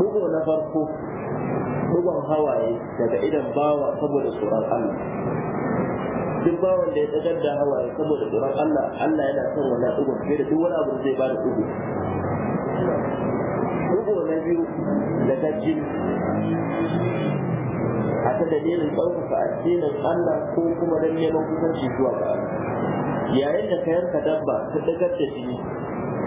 Speaker 1: dugu na farko dugon hawaye daga idan bawa saboda tsoron Allah duk bawan da ya tsagar da hawaye saboda tsoron Allah Allah yana son wannan dugon fiye da duk wani abu zai ba da dugu bugu na biyu da ta a dalilin addinin Allah ko kuma don neman zuwa yayin da ka yanka dabba ta ɗagar da jini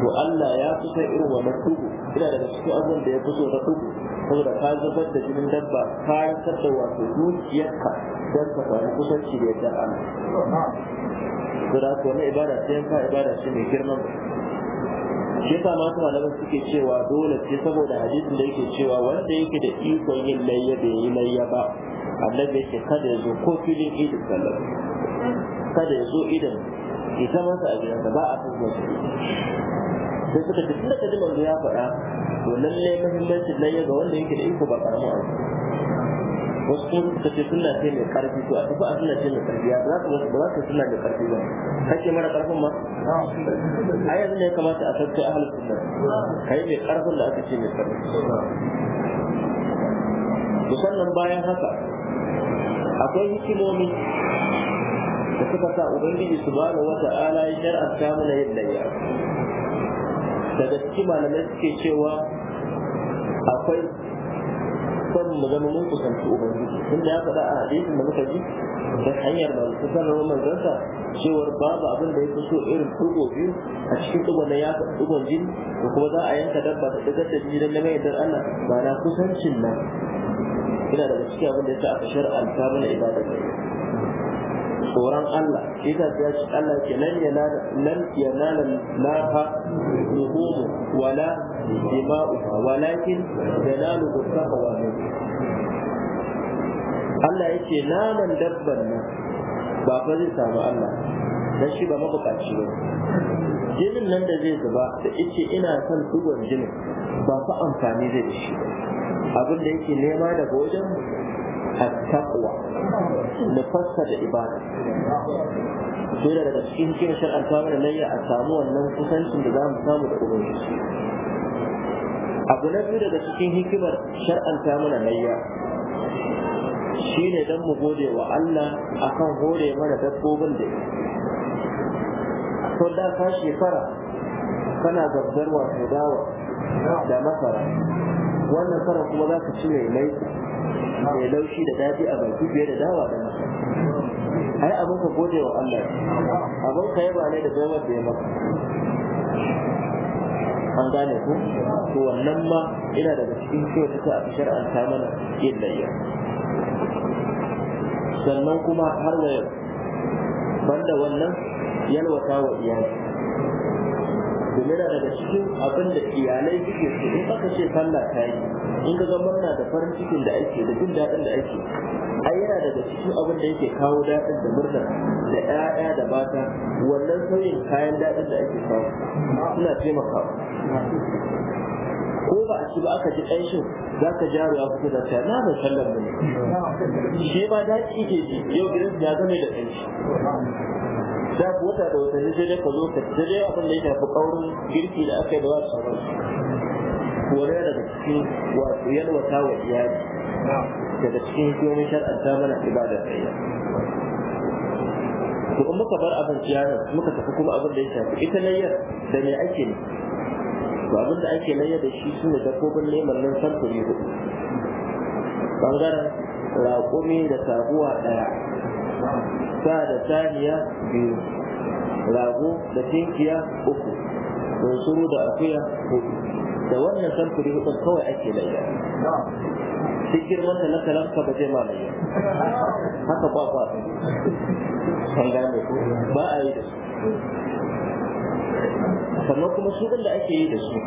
Speaker 1: to Allah ya fi san irin wannan tugu ina daga cikin abin da ya fi so na tugu saboda ka zubar da jinin dabba ka rantsar da wato dukiyarka don ka samu kusanci da yadda Allah. Saboda haka ibada yanka ibada ce mai girman shi yasa ma kuma nan suke cewa dole sai saboda hadisin da yake cewa wanda yake da ikon yin layya bai yi layya ba annabi yake kada ya zo ko filin idin sallah kada ya zo idan ita masa a gidansa ba a san wasu sai suka ce tunda kaji manzo ya faɗa to lallai muhimmancin layya ga wanda yake da iko ba karamin abu wasu kuma suka ce suna ce mai karfi to a tafi a suna ce mai karfi ya za ka wasu ba za ka suna mai karfi ba kake mara karfin ma a yanzu ne kamata a a ahalin sunna ka yi mai karfin da aka ce mai karfi musamman bayan haka akwai hikimomi da suka sa ubangiji subhanahu wata'ala ya shar'anta mana yin layya. daga cikin malamai suke cewa akwai son mu zama mun kusanci ubangiji da ya faɗa a hadisin da muka ji da hanyar da su sarrafa manzansa cewar babu abin da ya fi so irin tugo biyu a cikin tugon na ya faɗi tugon jini da kuma za a yanka dabba ta ɗaga da jini don neman yardar Allah ba na kusancin nan ina daga cikin abin da ya sa aka shar'anta mana ibada tsoron Allah shi ta ya ce Allah ke nan ya nala nan ya nala laha nuhumu wala dima'u walakin yanalu taqwa Allah yake naman dabban nan ba fa zai samu Allah dan shi ba mabukaci ba jinin nan da zai zuba da ice ina son dugon jinin ba fa amfani zai da shi abin da yake nema daga wajen التقوى da العبادة dole daga cikin kira shar'anta mana layya a samu wannan kusancin da za mu samu da ubangiji abu na biyu daga cikin hikimar shar'anta mana layya shine don mu gode wa Allah akan hore mana dabbobin da to da ka shekara kana gabdarwa da dawa da masara wannan karan kuma za ka ci mai mai mai laushi da daji a baki fiye da dawa da masa ai abin ka gode wa Allah abin ka yaba ne da baiwar da ya maka an gane ku to wannan ma ina daga cikin kyau ta ta fi ta mana yin layya sannan kuma har da yau banda wannan yalwata wa iyali domin yana daga cikin abin da iyalai suke so in aka ce sallah ta yi in ka zama na da farin cikin da ake da jin daɗin da ake ai yana daga cikin abin da yake kawo daɗin da murna da ƴaƴa da mata wannan sauyin kayan daɗin da ake kawo suna taimakawa ko ba a ci ba aka ji ƙanshin za ka ja ya fito da ta na ban sallar mu ne shi ma daɗi ke ji yau gidan ya zama da ƙanshi da wata da wata ne dai ka zo ka dai abin da ya shafi girki da aka yi da wasu kore daga cikin wato yalwata wa iyali daga cikin hikiyoyin shar'ar ta mana ibada yi to in muka bar abin ciyarar muka tafi kuma abin da ya shafi ita layyar da mai ake ne to abin da ake layyar da shi sune dabbobin neman nan samfuri hudu bangaren raƙumi da sabuwa ɗaya sa da saniya biyu rago da tinkiya uku bunsuru da akuya uku. da wannan samfuri hukun kawai ake layya duk girman da lakalanka ba zai ma layya haka ba ba kan gane ko ba a yi da su sannan kuma su da ake yi da su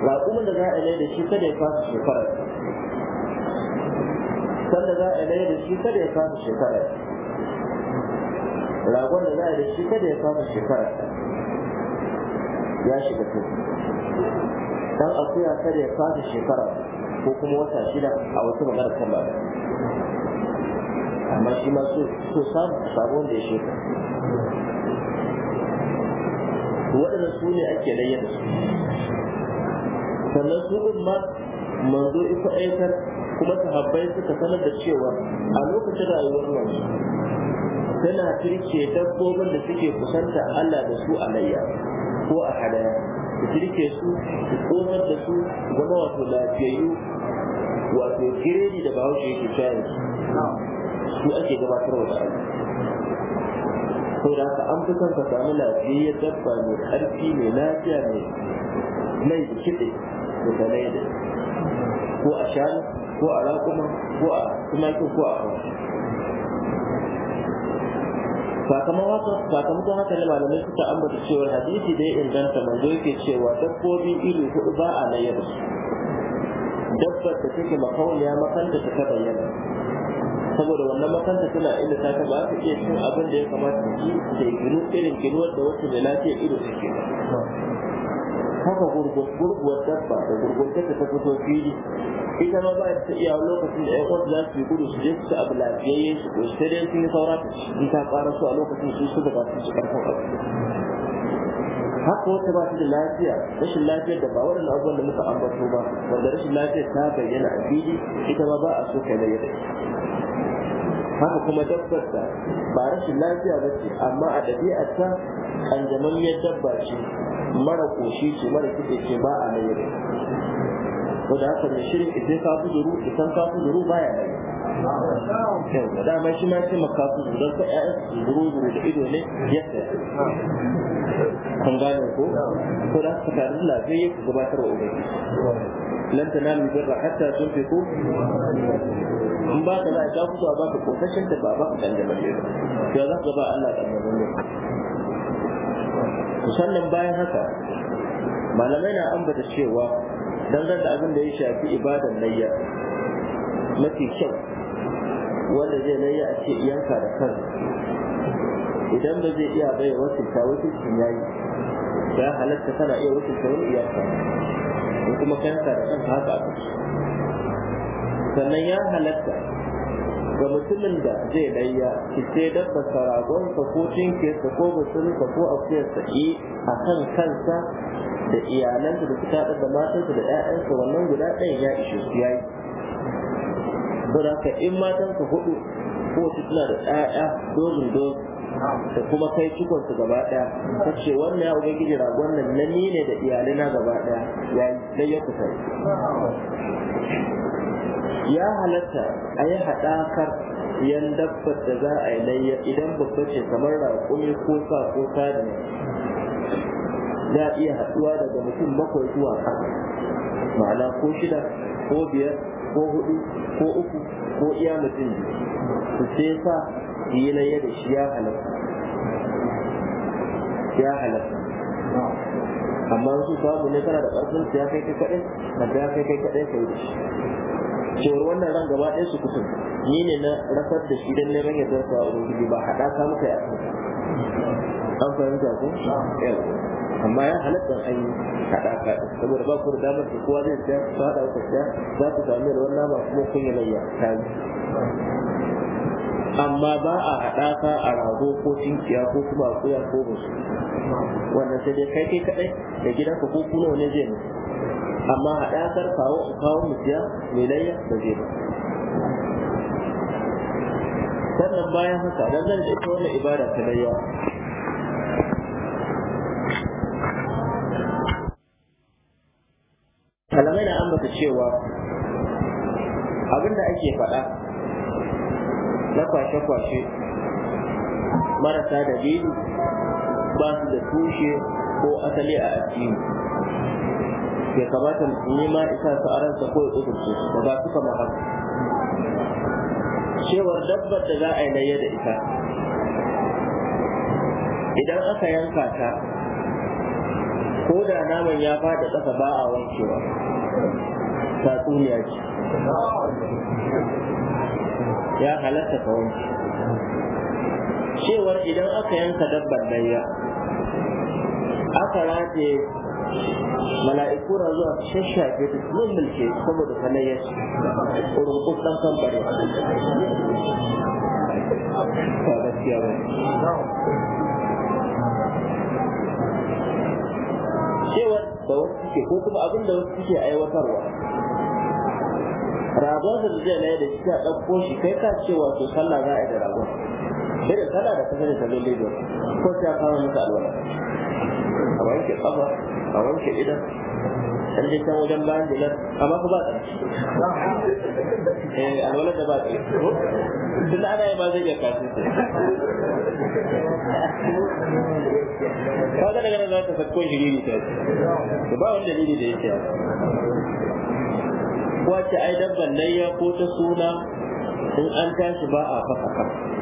Speaker 1: raƙumin da za a da shi kada ya fasa shekara sanda za a da shi kada ya fasa shekara ragon da za a da shi kada ya samu shekara ya shiga to dan akuya kada ya fasa shekara ko kuma wata shida a wasu magana kan ba amma shi ma so samu sabon da ya shekara waɗanda su ne ake layyar su sannan su ɗin ma manzo ita aikar kuma sahabbai suka sanar da cewa a lokacin rayuwar manzo tana turke dabbobin da suke kusanta Allah da su alayya ko a hadaya ta turke su ta komar da su zama wato lafiyayyu wato giredi da bahaushe yake shayar su ake gabatar da Allah ko da haka an fi son ka samu lafiyayyar dabba mai ƙarfi mai lafiya mai mai da kiɗe da sanai da ko a shanu ko a raƙuma ko a tumakin ko a kawai sakamakon haka ne malamai suka ambata cewa hadisi da ya inganta manzo yake cewa dabbobi iri hudu ba a layar dabbar da take makauniya makanta ta ta bayyana saboda wannan makanta tana inda ta taba su iya cin abin da ya kamata ta yi da ginu irin ginuwar da wasu mai lafiya ido take haka gurgurguwar dabba da gurgurta ta fito fili ita ma ba ta iya lokacin da ƴan za su yi gudu su je su abu lafiyayye su ko sai dai sun yi saura ta in ta ƙara su a lokacin su su gaba su ƙarfin abu haka wata ba ta da lafiya rashin lafiyar da ba waɗannan abubuwan da muka ambato ba wanda rashin lafiyar ta bayyana a fili ita ma ba a so kai da haka kuma dabbar ta ba rashin lafiya ba ce amma a ɗabi'ar ta ƙanjamammiyar dabba ce mara koshi ce mara kitse ce ba a mai yare ko da haka mai shirin idan ka kuduru idan ka kuduru ba ya mai da dama shi ma ce maka kuduru don ka ƴaƴan kuduru zuru da ido ne ya saya kun gane ko ko da haka tare da lafiya ku gabatar wa ubangi lan tanalu birra hatta ko. in ba ka za a ka fito a ba ka kokashin da ba ba ka dan da ba ya za ka ba Allah dan da sannan bayan haka malamai na ambata cewa dangane da abin da ya shafi ibadan layya mafi kyau wanda zai layya a ce yanka da kan idan ba zai iya bai ta wakilcin ya yi ya halatta kana iya ta wani iyanka in kuma kanka da kanka haka a sannan ya halatta ga mutumin da zai daya ki ce da saragon ka ko tinkiyarsa ko ka ko akuyarsa yi a kan kansa da iyalansa da suka da matansa da 'ya'yansa wannan guda ɗayan ya ishe su yayi saboda ka in ka hudu ko su suna da ƴaƴa dozin doz da kuma kai su gaba ɗaya ka ce wannan ya ubangiji ragon nan na ni ne da iyalina gaba ɗaya ya yi ya kusa ya halatta a yi haɗakar yan dabbar da za a yi layya idan babba ce kamar raƙumi ko sa ko da za a iya haɗuwa daga mutum bakwai zuwa ka ma'ana ko shida ko biyar ko hudu ko uku ko iya mutum su sai sa yi layya da shi ya halatta ya halatta amma su babu ne kana da ƙarfin su ya kai kai kaɗai na ya kai kai kaɗai kai da shi cewar wannan ran gaba ɗaya su kusan, ni ne na rafar da shi don neman ya zarta a ubangiji ba haɗaka muka ya an fahimta ko yawa amma ya halatta an yi haɗaka saboda ba ku da damar da kowa zai ta su haɗa ku ta za ku sami da nama kuma kun yi layya ta yi amma ba a haɗaka a rago ko cinkiya ko kuma a kuya ko basu wannan sai dai kai kai kaɗai da gidanka ko kuna wani zai mutu amma haɗakar kawo in kawo mu mai layya da zai sannan bayan haka dan nan da ita wannan ibada ta layya kalamai na ambata cewa abinda ake faɗa na kwashe-kwashe marasa dalili ba su da tushe ko asali a addini ke kamata ne ma isa su aransa ko ya kudurce da ba su kama haka cewar dabbar da za a yi layya da ita idan aka yanka ta ko da naman ya fada ƙasa ba a wankewa tsuniya ce ya halatta ka wanke cewar idan aka yanka dabbar layya aka rataye mala'iku na zuwa su shashafe ta su mulmulke saboda sanayyar su urukun ɗan kan bare ba ba da wasu suke ko kuma abin da wasu suke aiwatarwa rabon da zai na da shi ta ɗauko shi kai ka cewa to sallah za a yi da rabon. sai da sallah da kasa da salon lagos ko ta kawo masa alwala a bayan ke kafa a wanke idan an je wajen bayan dinar amma ku ba tsarki eh alwalar da ba tsarki tun ana yi ba zai iya kasu ce kaga daga nan za ta sakko shiriri ta ce ba wanda dalili da yake wace ai dabban layya ko ta suna in an tashi ba a fasa kafa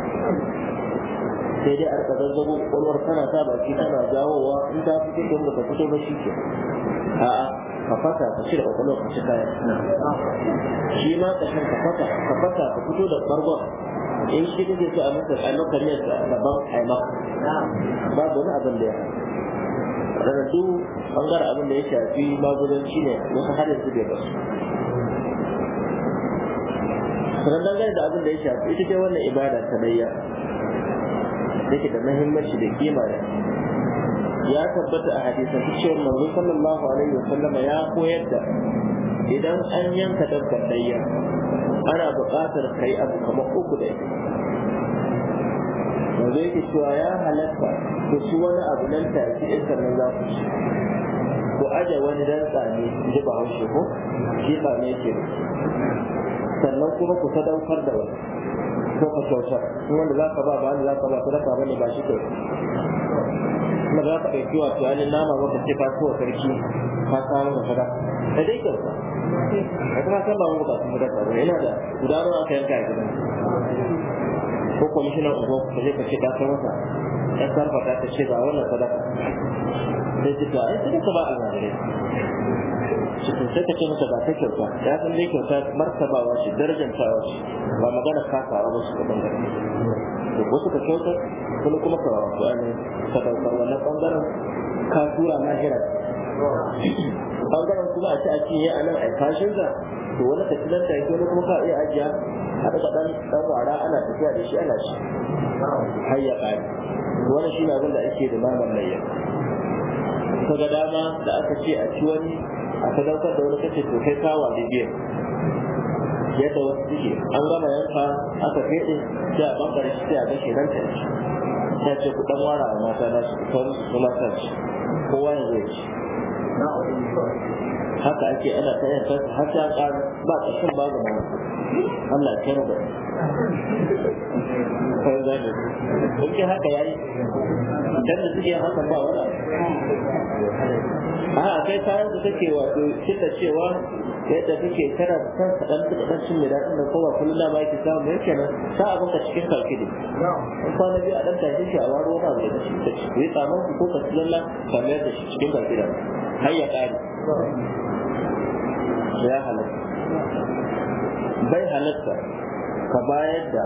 Speaker 1: sai dai a rika zazzago kwakwalwar tana sa baki tana jawowa in ta fito don ba ta fito ba shi ke a'a ka fata ka da kwakwalwar ka ci kayan shi ma ƙashin ka fata ka fata ka fito da bargon in shi kake so a mutum a maka ne daban a maka babu wani abin da ya daga duk bangaren abin da ya shafi magudanci ne wasu har yanzu bai basu sannan dangane da abin da ya shafi ita ce wannan ibada ta layya da yake da muhimmanci da kima da ya tabbata a hadisan cewa manzo sallallahu alaihi wasallam ya koyar da idan an yanka dabbar dayya ana buƙatar kai abu kamar uku da ita yanzu yake cewa ya halatta ku ci wani abu nan ta ci in sannan za ku ci ku aje wani dan tsami ji ba haushe ko shi tsami yake sannan kuma ku sadaukar da wani roƙa kyautar in wanda za ka ba ba wanda za ka ba sadaka ba shi kuma za ka ɗauki wato nama ba ka ce ka kowa sarki ka samu da sadaka da dai kyauta a kuma san ba mu ba su sadaka ba yana da gudanar aka yanka a gidan ko kwamishinan unguwa ka je ka ce ka san masa ɗan sarfa ta ce ga wannan sadaka sai ce to a yi sadaka ba almajirai cikin sai ka ce masa ba ta kyauta ya san dai kyauta martabawa ce darajantawa ce ba magana kasawa ba su ga bangare to Wasu suka kyauta kuma kuma ka wato ne ka daukar wannan bangaren ka tura hira. bangaren kuma a ci a cinye a nan a kashin sa to wani ka ci nan da yake kuma ka iya ajiya a daga dan dan wara ana tafiya da shi ana shi har ya Wani wannan shine abin da ake da mamallayya kaga dama da aka ce a ci wani a sadaukar da wani kashe sosai kai kawa da biyar yadda wasu suke an gama yanka aka fede sai a bangare shi sai a gashi nan ta ci ta ce ku dan wara a mata na su kan su mata ci kowa ya zai ci haka ake ana ta yanka har ta ƙaru ba ba babu mana Allah ya kyar da
Speaker 2: kai
Speaker 1: za ne kun haka yayi dan da suke haka ba wala a kai kayan su take wato kita cewa yadda kake tara kan kaɗan da kaɗan cin da daɗin da kowa kullum da ba ki samu mai kenan sa abin ka cikin kalki ne in kwana biyu a ɗan tashi shi a waro wani abu da ta ci ku yi tsaman ku ko ka ci lalla ka mayar da shi cikin kalki da har ya ƙare ya halatta bai halatta ka bayar da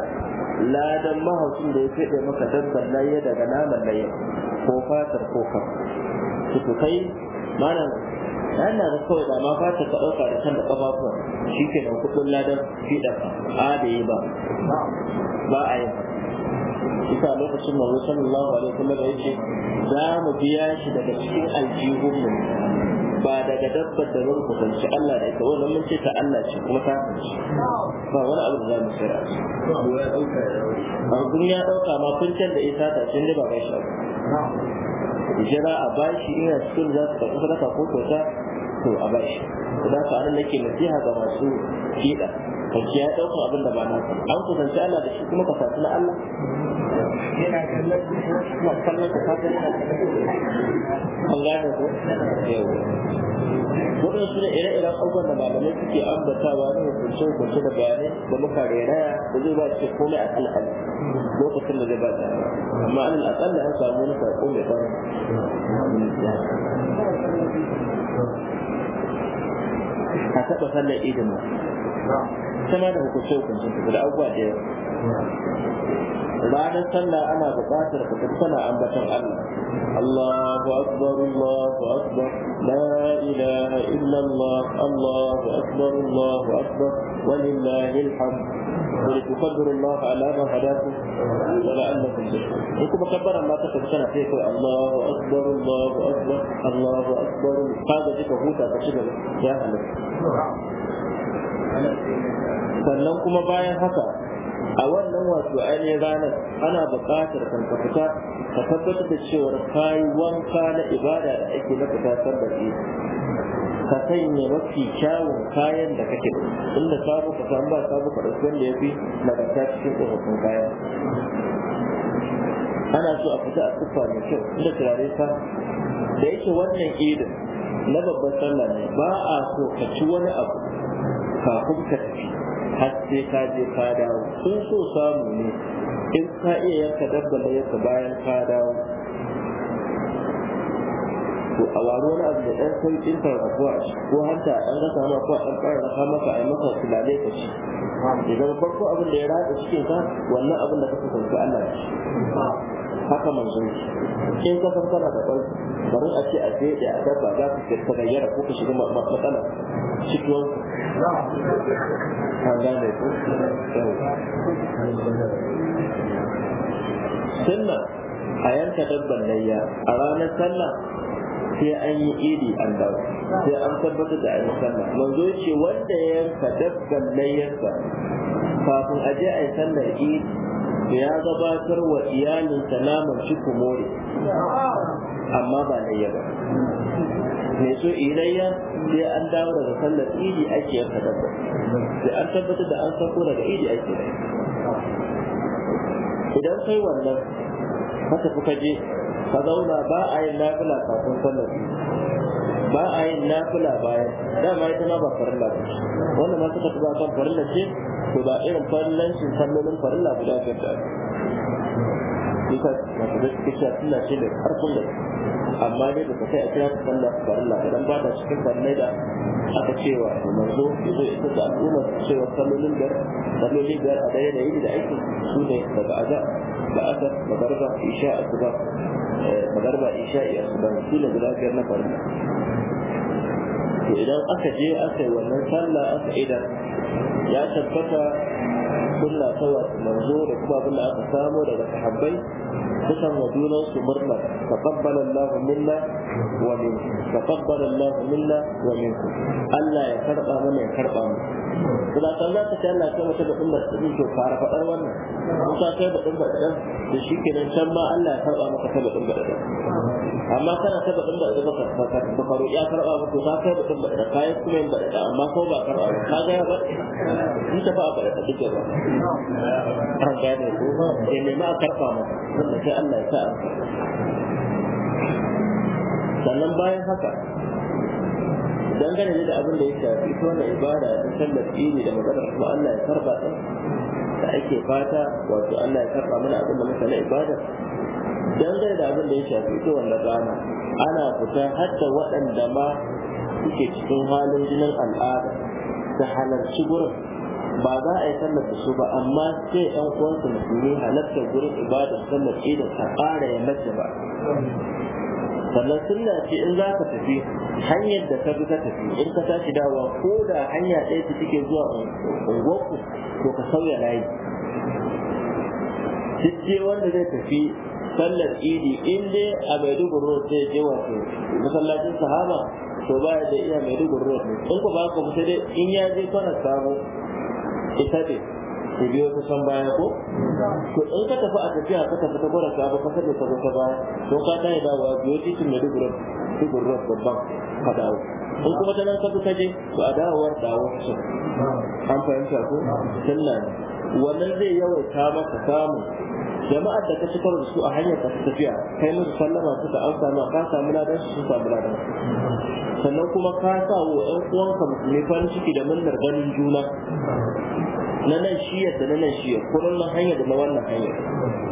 Speaker 1: ladan mahaucin da ya fiɗe maka dabbar laye daga naman laye ko fatar ko kan su kai malam ana da kawai da ma fata ka ɗauka da kan da ƙafafuwa shi ke nan kuɗin ladan fiɗa a da yi ba ba a yi isa lokacin mazo sallallahu alaihi wasallam da yace za mu biya shi daga cikin aljihun mu ba daga dabbar da mun kusanci Allah da ita wannan mun ce ta Allah ce kuma ta ce ba wani abu da za mu tsira a ya dauka ma kun da ita ta cin da ba gashi jira a bashi ina cikin za su karɓi sadaka ko kyauta to a bashi da haka anan nake nasiha ga masu kiɗa ka kiya ɗaukar abin da ba na an kusanci Allah da shi kuma ka sati na Allah yana kallon ka sati na an gane ko yau wannan su ne ire-iren abubuwan da malamai suke ambatawa da hukunce hukunce da bayanai da muka rera da zai ba ce komai a al'adu lokacin da zai ba ta amma an al'akalla an samu wani saƙo mai ƙwarar a taɓa sallar idin ita ma da hukunce hukuncin ta da abubuwa da yawa ranar sallah ana buƙatar ka tafi kana ambaton Allah Allahu akbar Allahu akbar la ilaha illa Allah Allahu akbar Allahu akbar walillahi alhamd ولتكبر الله على ما هداكم ولعلكم تشكرون ان كما كبر ما تكبر فيك الله اكبر الله اكبر الله اكبر هذا ذكر هوتا تشكر يا هلا sannan kuma bayan haka a wannan wato ainihin ranar ana buƙatar kan ka fita ka tabbatar da cewar kayi wanka na ibada da ake na fita ke ka sanya mafi kyawun kayan da kake inda sabu ka samu ba sabu ka ɗauki wanda ya fi nagarta cikin tsofaffin kaya ana so a fita a tuffa mai kyau inda turare ka da yake wannan idin na babban sallah ne ba a so ka ci wani abu kafin ka tafi har sai ka je ka dawo sun so samu ne in ka iya yanka dabbala yanka bayan ka dawo to a wani wani abu da ɗan sauƙin shi ko hanta an ga samu ko an ƙara raka maka a yi maka tulalai ka ci Idan zama farko abin da ya rada cikin ka wannan abin da ka kusanci Allah shi haka manzon in ka san kana daban bari a ce a je da a dabba za ku ka gayyara ko ku shiga matsala cikin an gane ku sunna a yanka dabban layya a ranar sallah sai an yi idi an dawo sai an tabbatar da an yi sallah manzo ce wanda ya yanka dabban layyarsa kafin a je a yi sallar idi to ya gabatar wa iyalinsa naman ciko more amma ba layya ba mai so ilayya sai an dawo daga sallar idi ake yanka dabba sai an tabbatar da an sako daga idi ake idan kai wannan ka tafi ka je ka zauna ba a yin nafila kafin sallar ba a yin nafila bayan dama ita ma ba farilla ba wannan ma suka tuba kan farilla ce to ba irin fallancin sallolin farilla guda biyar da ake duka masu da suke cewa suna ce da karfin da amma dai ba kai a kira su sallah su farilla idan ba ta cikin farillai da aka cewa manzo ya zo ita da al'umma su cewa sallolin biyar sallolin biyar a daya da yi da aiki su ne daga aza da aka magarba isha asuba magarba isha asuba su ne guda biyar na farilla to idan aka je aka yi wannan sallah aka idan ya tabbata sunna ta manzo da kuma abin da aka samo daga sahabbai kusan wa junan su murna taqabbala Allahu minna wa minkum taqabbala Allahu minna wa minkum Allah ya karba mana ya karba mu da kan za ka ce Allah ya mata da umar ta to fara faɗar wannan in ta kai da umar ɗan da shi kenan can ma Allah ya karɓa maka ta da umar ɗan amma kana ta da umar ɗan ba ka roƙi ya karɓa maka ta kai da umar ɗan kayan kuma yin baɗaɗa amma ko ba karɓa ba ka ga ya ba in ta fa a baɗaɗa duk da ba an gane ko ya nema a karɓa maka sai Allah ya sa sannan bayan haka dangane da abin da ya shafi ita wannan ibada ta sallar ini da magana kuma Allah ya karba ɗin da ake fata wato Allah ya karba mana abin da muka na ibada dangane da abin da ya shafi ita wannan rana ana fita hatta waɗanda ma suke cikin halin jinin al'ada da halarci gurin ba za a yi sallar su ba amma sai ɗan uwansu musulmi halartar gurin ibada sallar idan ta ƙara ya mace ba sannan sunna ce in za ka tafi hanyar da ka bi ka tafi in ka tashi dawa ko da hanya ɗaya ta take zuwa unguwarku to ka sauya layi duk wanda zai tafi sallar idi in dai a maiduguri road zai je wato masallacin sahaba to ba da iya maiduguri road in ku ba ku sai dai in ya je kwanar sabo ita ne Ku biyo ta san baya ko Ku in ka tafi a tafiya ka tafi ta gwada ka ba ka tafi ka ta baya to ka ta yi dawowa biyo titin da dugurar dugurar babban ka dawo in kuma ta nan ka ta je to a dawowar dawo su an fahimta ko sunna ne wannan zai yawaita maka samu jama'ar da ka ci da su a hanyar ka tafiya kai musu sallama suka an samu ka samu ladan su sun samu ladan sannan kuma ka sa wa 'yan uwanka musulmi farin ciki da murnar ganin juna na nan shiyar da na nan shiyar ko nan hanyar da na wannan hanyar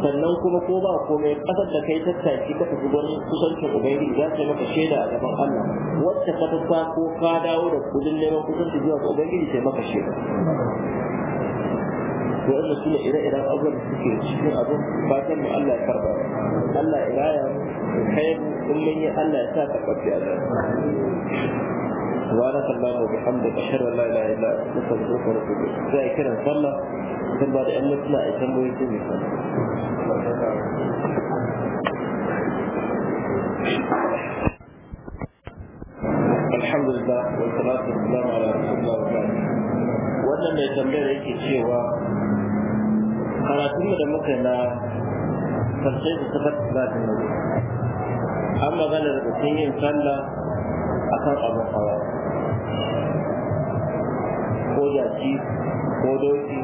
Speaker 1: sannan kuma ko ba komai kasar da kai tattaki ka tafi gurin kusancin ubangiji za ta maka shaida a gaban Allah wacce ka tafa ko ka dawo da kudin neman kusanci zuwa ga ubangiji sai maka shaida wanda su ne ire-iren abubuwan da suke cikin abin fatan mu Allah ya karba Allah ya raya kai mun yi Allah ya sa ka kwafi a سبحانك اللهم وبحمدك اشهد ان لا اله الا انت استغفرك واتوب اليك زي كده نصلى ثم بعد ان نطلع يسمى يتم الحمد لله والصلاة والسلام على رسول الله وبعد wannan mai tambayar yake cewa karatunmu da muka na karshe da sifar النبي أما an magana da أكثر sallah akan yaki ko doki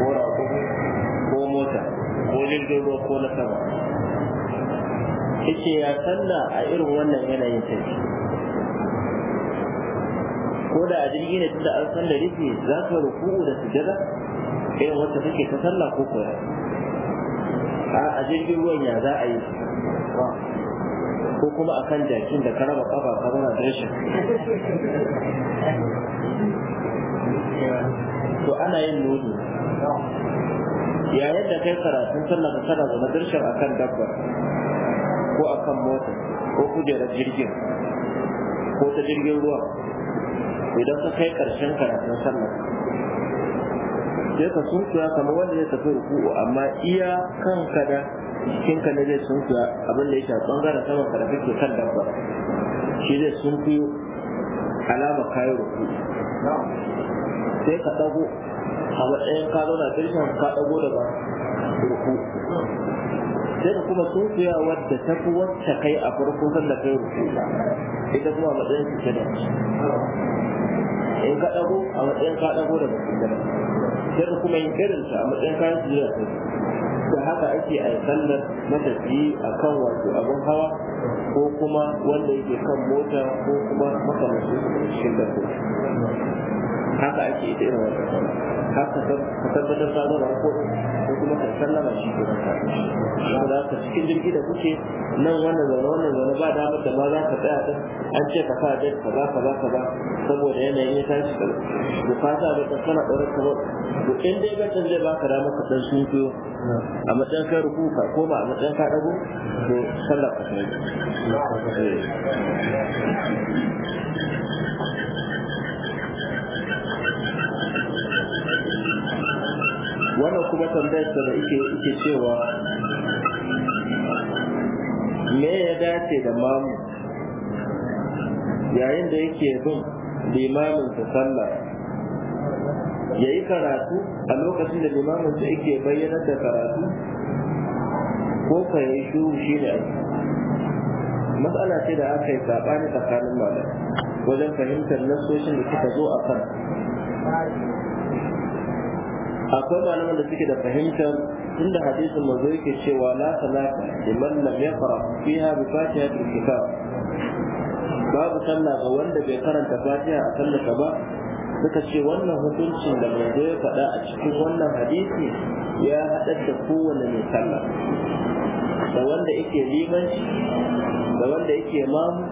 Speaker 1: ko rakumi ko mota ko jirgin ruwa ko na sama yace ya sanna a irin wannan yanayin tafi. ko da a jirgin ne tunda an sanna rufe za ka ruku'u da sujada irin wata take ta sanna ko koya a jirgin ruwan ya za a yi ko kuma akan jakin da ka raba kafa ka zauna da rashin to ana yin nudu yayin da kai karatun sallah da sallah da madarshin akan dabbar ko akan mota ko kujerar jirgin ko ta jirgin ruwa idan ka kai karshen karatun sallah sai ka sunkuya kamar wanda zai tafi ruku'u amma iya kanka da jikinka ne zai sunkuya abin da ya shafi bangaren saman ka da kake kan dabba shi zai sunkuyo alama kayan ruku'u sai ka dago a matsayin ka zauna dirshan ka dago daga ruku sai ka kuma sunkuya wadda ta fi wacce kai a farko sanda kai ruku ita kuma a matsayin su kenan in ka dago a matsayin ka dago daga sujjada sai ka kuma yin irin ta a matsayin kayan sujjada ta da haka ake a sallar matafiyi a kan wato abin hawa ko kuma wanda yake kan mota ko kuma makamashin cikin dabbobi haka ake ita irin wannan sallah har ka tabbatar sadarwa ko ko kuma ka sallama shi ko nan kuma za ka cikin jirgi da kuke nan wannan zaune wannan zaune ba damar da ma za ka tsaya da an ce ka sa da ka ka kaza ka ba saboda yanayin ya tashi ka bukata da ka sana ɗaurar ka to in dai ga can zai baka damar ka ɗan sunkuyo a matsayin kai ruku ka koma a matsayin ka ɗago to sallah ka sai eh. wannan kuma tambayar da yake yake cewa me ya dace da mamu yayin da yake bin limamin sa sallah ya karatu a lokacin da limamin sa yake bayyana da karatu ko ka yi shuru shi ne matsala ce da aka yi sabani tsakanin malamai wajen fahimtar nasoshin da suka zo a kan akwai malaman da suke da fahimtar tunda hadisin manzo yake cewa la salata liman lam yaqra fiha bi fatihatil kitab babu sallah ga wanda bai karanta fatiha a sallarsa ba suka ce wannan hukuncin da manzo ya faɗa a cikin wannan hadisi ya haɗar da kowane mai sallah da wanda yake limanci da wanda yake mamu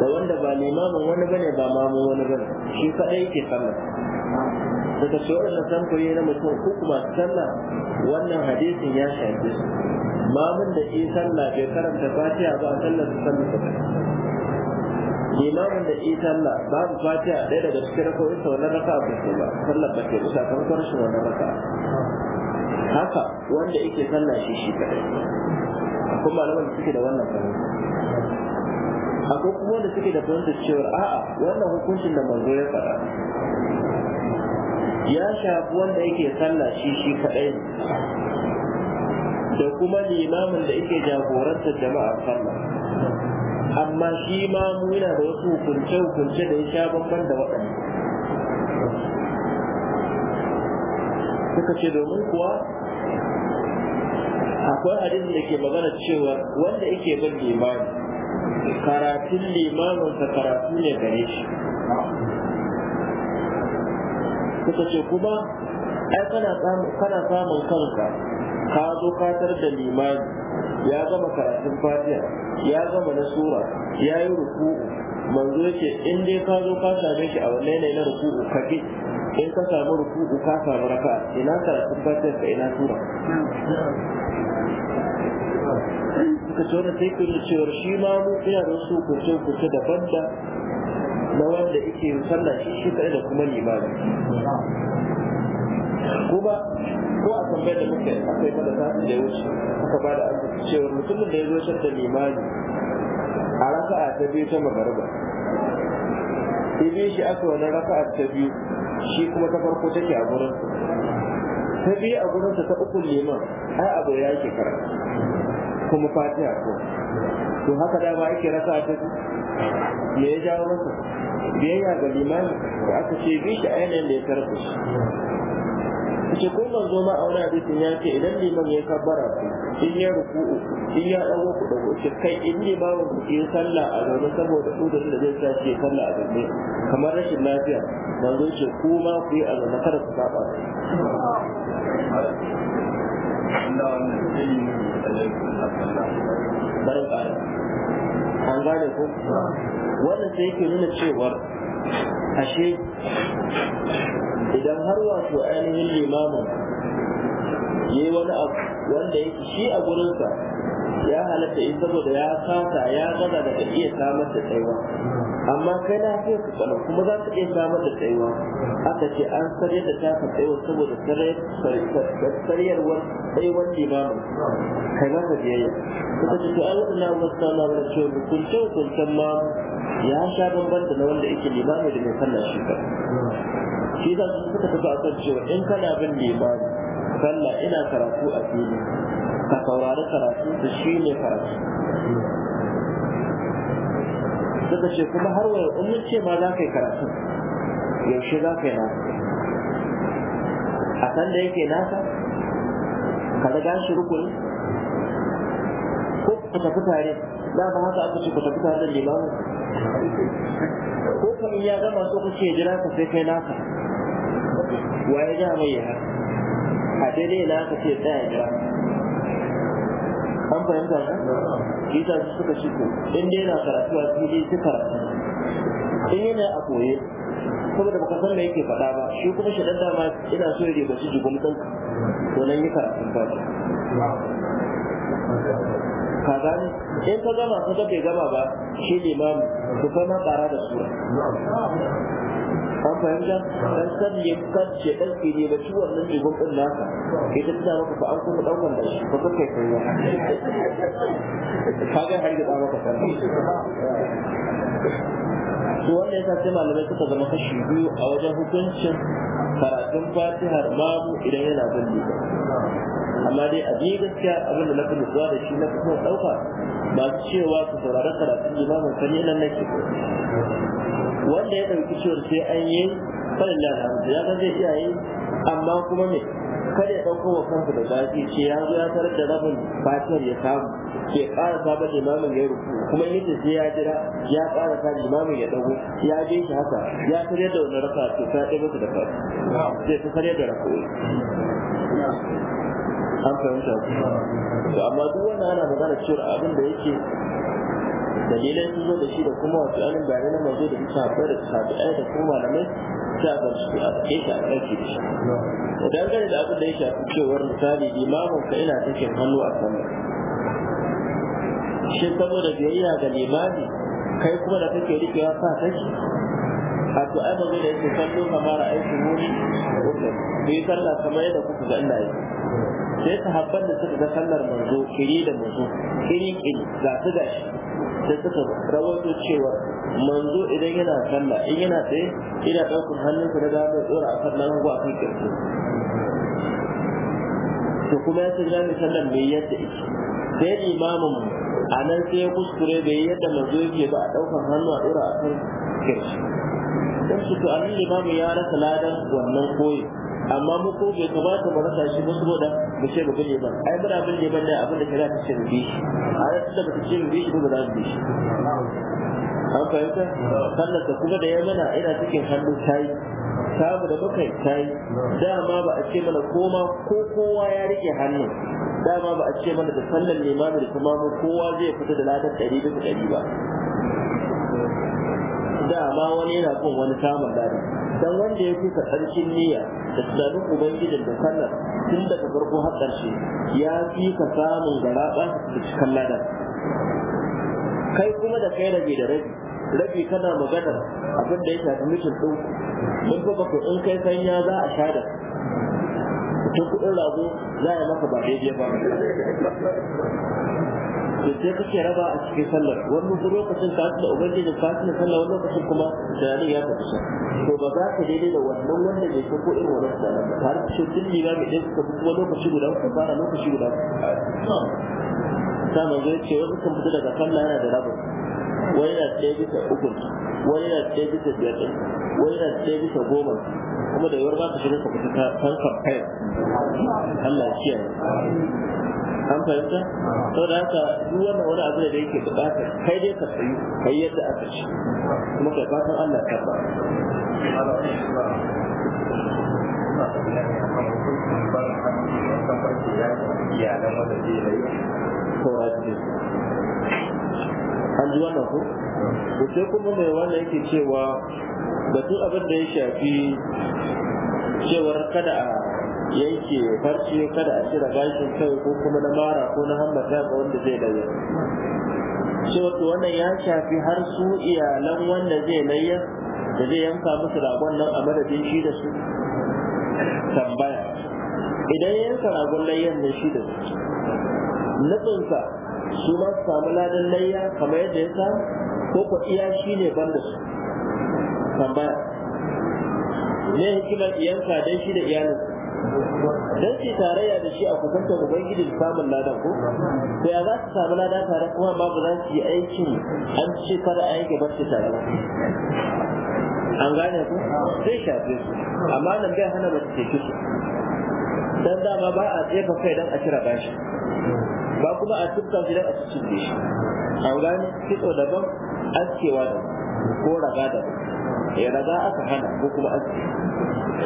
Speaker 1: da wanda ba limamin wani bane ba mamun wani bane shi kaɗai yake sallah daga ce waɗannan samfuri na mutum ko kuma sallah wannan hadisin ya shafi su mun da yi sallah bai karanta fatiha ba sallar su sallar ta limamin da yi sallah babu fatiha ɗaya daga cikin rakawinsa wannan raka ba ce ba sallah ba ke ba kan rashin wannan raka haka wanda yake sallah shi shi kaɗai akwai malaman da suke da wannan fahimta akwai kuma wanda suke da fahimtar cewa a'a wannan hukuncin da manzo ya faɗa ya shafi wanda yake sallah shi shi kadai da kuma limamin da yake jagorantar jama'a sallah amma shi ma mu yana da wasu hukunce-hukunce da ya sha bambam da waɗanda suka ce domin kuwa akwai hadisin da ke magana cewa wanda yake bin limamin. karatun limaminsa karatu ne gare shi suka ce kuma ai kana samun kanka ka zo katar da limani ya gama karatun fatiha ya gama na sura ya yi ruku manzo yake in dai ka zo ka same shi a wannan ne na ruku ka ke in ka samu ruku ka samu raka ina karatun fatiha ka ina sura suka ce wani sai ku cewar shi ma mu ina da su kuce kuce daban da na wanda yake yin sallah shi shi kaɗai da kuma limami kuma ko a tambayar da muke akwai mana tasu da ya wuce aka ba da arziki cewa mutumin da ya zo da limami a raka'a ta biyu ta magariba sai shi aka wani raka'a ta biyu shi kuma ta farko take a gurin ta biyu a gurin ta uku liman ai abu ya ke kara kuma fatiha ko to haka dama ake rasa ta me ya jawo masa biyayya ga liman da aka ce bi shi a yanayin da ya tarfa shi kace ko manzo ma auna hadisin ya ce idan liman ya kabbara in ya ruku'u in ya dawo ku dago ce kai in limamin ku yi sallah a gaba saboda kudin da zai sa ce sallah a gaba. kamar rashin lafiya manzo ce ku ma ku yi a zaune kada ku saba barin ƙara an gane ko wannan sai yake nuna cewar ashe idan har wato ainihin limamin ya yi wani abu wanda yake shi a gurinsa ya halatta in saboda ya kasa ya gaza daga iya samar da tsaiwa amma kai lafiyar ka kwanan kuma za su iya samar da tsayuwa aka ce an sarye da taka tsayuwa saboda saryarwar tsayuwar imamu kai maka biyayya suka ce to yi na wasu na wani ce hukunce hukuncen ma ya sha bambam da na wanda yake limamu da mai kallon shi ka shi za su suka tafi a kan cewa in kana bin limamu. kalla ina karatu a fili ka saurari karatu da shi ne karatu suka ce kuma har wayo in mun ce ma za ka yi karatu yaushe za ka yi nasa a san da yake nasa ka riga shi rukuni ko ka tafi tare za ba haka aka ce ka tafi tare da limamin ko kuma ya gama so ce jira ka sai kai nasa? waye ya mai ya haka a daidai na ka ce tsaya jira an fahimta shi ta suka ci ko in dai na karatu a fili ta karatu in yana a koye saboda baka san me yake faɗa ba shi kuma shi dan dama ina so ya riba shi jigum ɗin to nan yi karatun fata ka ne. in ka gama ka ga bai gama ba shi limamu to kai ma ƙara da sura an fahimta dan kan ya kace dan ke ne baci wannan jigon din naka idan ta maka ba an kuma daukan da shi ba ka kai kai ba kaga har da maka sarki to wanda yasa sai malamai suka zama kashi biyu a wajen hukuncin karatun fatihar babu idan yana son liba amma dai a biyu gaskiya abin da na fi nutsuwa da shi na fi son ɗauka masu cewa su saurari karatun limamin kan yanar nake wanda ya ɗauki ciwon sai an yi farin da hamdu ya zai iya yi amma kuma me kada ya ɗauko wa kansa da zafi ce ya zo ya tarar da rabin fatiyar ya samu ke ƙara da limamin ya rufu kuma in yadda sai ya jira ya ƙara sa limamin ya ɗago ya je shi haka ya tarar da wani raka to ta ɗaya masa da fata sai ta tarar da rako'i an fahimta to amma duk wannan ana magana cewa abin da yake dalilai sun zo da shi da kuma wasu anin bayanai na mazo da su sahabbai da sahabbai da kuma malamai ta ga su a shi a aiki da shi dangane da abin da ya shafi cewar misali limamin ka ina sakin hannu a sama shi saboda biyayya ga limami kai kuma da kake ya sa take a to ai mazo da yake kallo kamar aiki wuri ku yi sallah kamar yadda kuka ga Allah yake sai sahabban da suka ga sallar manzo kiri da manzo kiri kiri ga su gashi sai suka rawato cewa manzo idan yana kalla, in yana tsaye ina ɗaukar hannunsa na dama ya tsora akan nan a kan kirki to kuma ya sanya mai sallan mai yadda ita sai limamin a nan sai ya kuskure bai yadda manzo yake ba a ɗaukar hannu a ɗora akan kirki dan su to annabi limamin ya rasa ladan wannan koyi amma mu ko bai kamata mu rasa shi ba saboda mu ce mu bille ba ai muna bille ba ne abin da kira ta ce mu bi shi a yanzu da ba ce mu bi shi ba za mu bi shi an fahimta sallar ta kuma da ya mana ina cikin hannu ta yi samu da muka yi ta yi dama ba a ce mana koma ko kowa ya rike hannun dama ba a ce mana da sallar limamin da kuma kowa zai fita da latar ɗari bisa ɗari ba dama wani yana kun wani samun latar dan wanda ya kuka tsarkin niyya da tunanin ubangijin da sallar tun daga farko har ƙarshe ya fi ka samun garaɓa da cikin ladan kai kuma da kai rabi da rabi rabi kana maganar abin da ya shafi mutum ɗin mun fa baka in kai sanya za a sha da mutum kuɗin rago za a maka ba daidai ba to sai kake raba a cikin sallar wani duk lokacin ka da ubangi da ka tuna sallar wani lokacin kuma tunani ya tafi shi to ba za ka daidai da wannan wanda bai san ko irin wannan sallar ba har ce duk ba mai ɗin suka kuma lokaci guda ku fara lokaci guda ta manzo ya ce wani kan fita daga sallah yana da rabin wani na ɗaya bisa ukun wani na ɗaya bisa biyar ɗin wani na ɗaya bisa goma kuma da yawar ba ta shiga ka fita tankar kai Allah ya kiyaye an fahimta saboda da haka duk wannan wani abu da yake bukata kai dai ka tsayi kai yadda aka ci kuma kai fatan Allah ka ba Thank you. an ji wannan ko to sai kuma mai wannan yake cewa batun abin da ya shafi cewar kada a yanke farce kada a cire gashin kai ko kuma na mara ko na ta ga wanda zai layya shi to wannan ya shafi har su iyalan wanda zai layya da zai yanka musu ragon nan a madadin shi da su tambaya idan yanka ragon layyan da shi da su nufinsa su ma su samu ladan layya kamar yadda ya samu ko ko iya shi ne ban da su tambaya ne hikimar iyanka don shi da iyalin Don shi tarayya da shi a kusanta ubangiji da samun ladan ko to ya za su samu ladan tare kuma ma ba za su yi aikin an ce kada a yanke barci tare an gane ku sai shafe su amma nan bai hana mace ce su Don dama ba a tsefa kai don a cira bashi ba kuma a tukka gidan a cikin da shi an gane kitso daban askewa da ko raga da ya raga aka hana ko kuma aske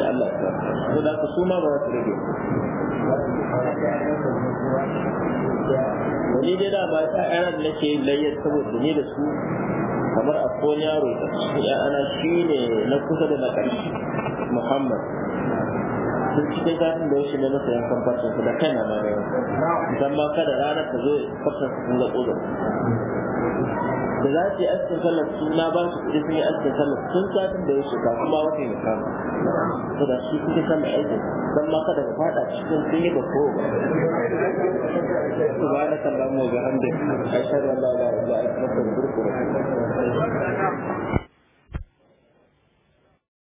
Speaker 1: ya Allah ya sa da ku suma ba za su rage wani dai da ba ta ayyana da nake layyar saboda ne da su kamar a yaro ya ana shi ne na kusa da na ƙarshe muhammad duk cikin zafin da wuce ne na sayan kamfatin su da kai na ma ne idan ma kada ranar ta zo kamfatin su sun zaƙo da za su yi askin sallar su na ba su kuɗi sun yi askin sallar sun zafin da wuce ba kuma wata ya kama to da su cikin sallar aikin dan ma kada ka faɗa cikin sun yi ba ko ba سبحانك اللهم وبحمدك أشهد أن لا إله إلا أنت أستغفرك وأتوب
Speaker 2: إليك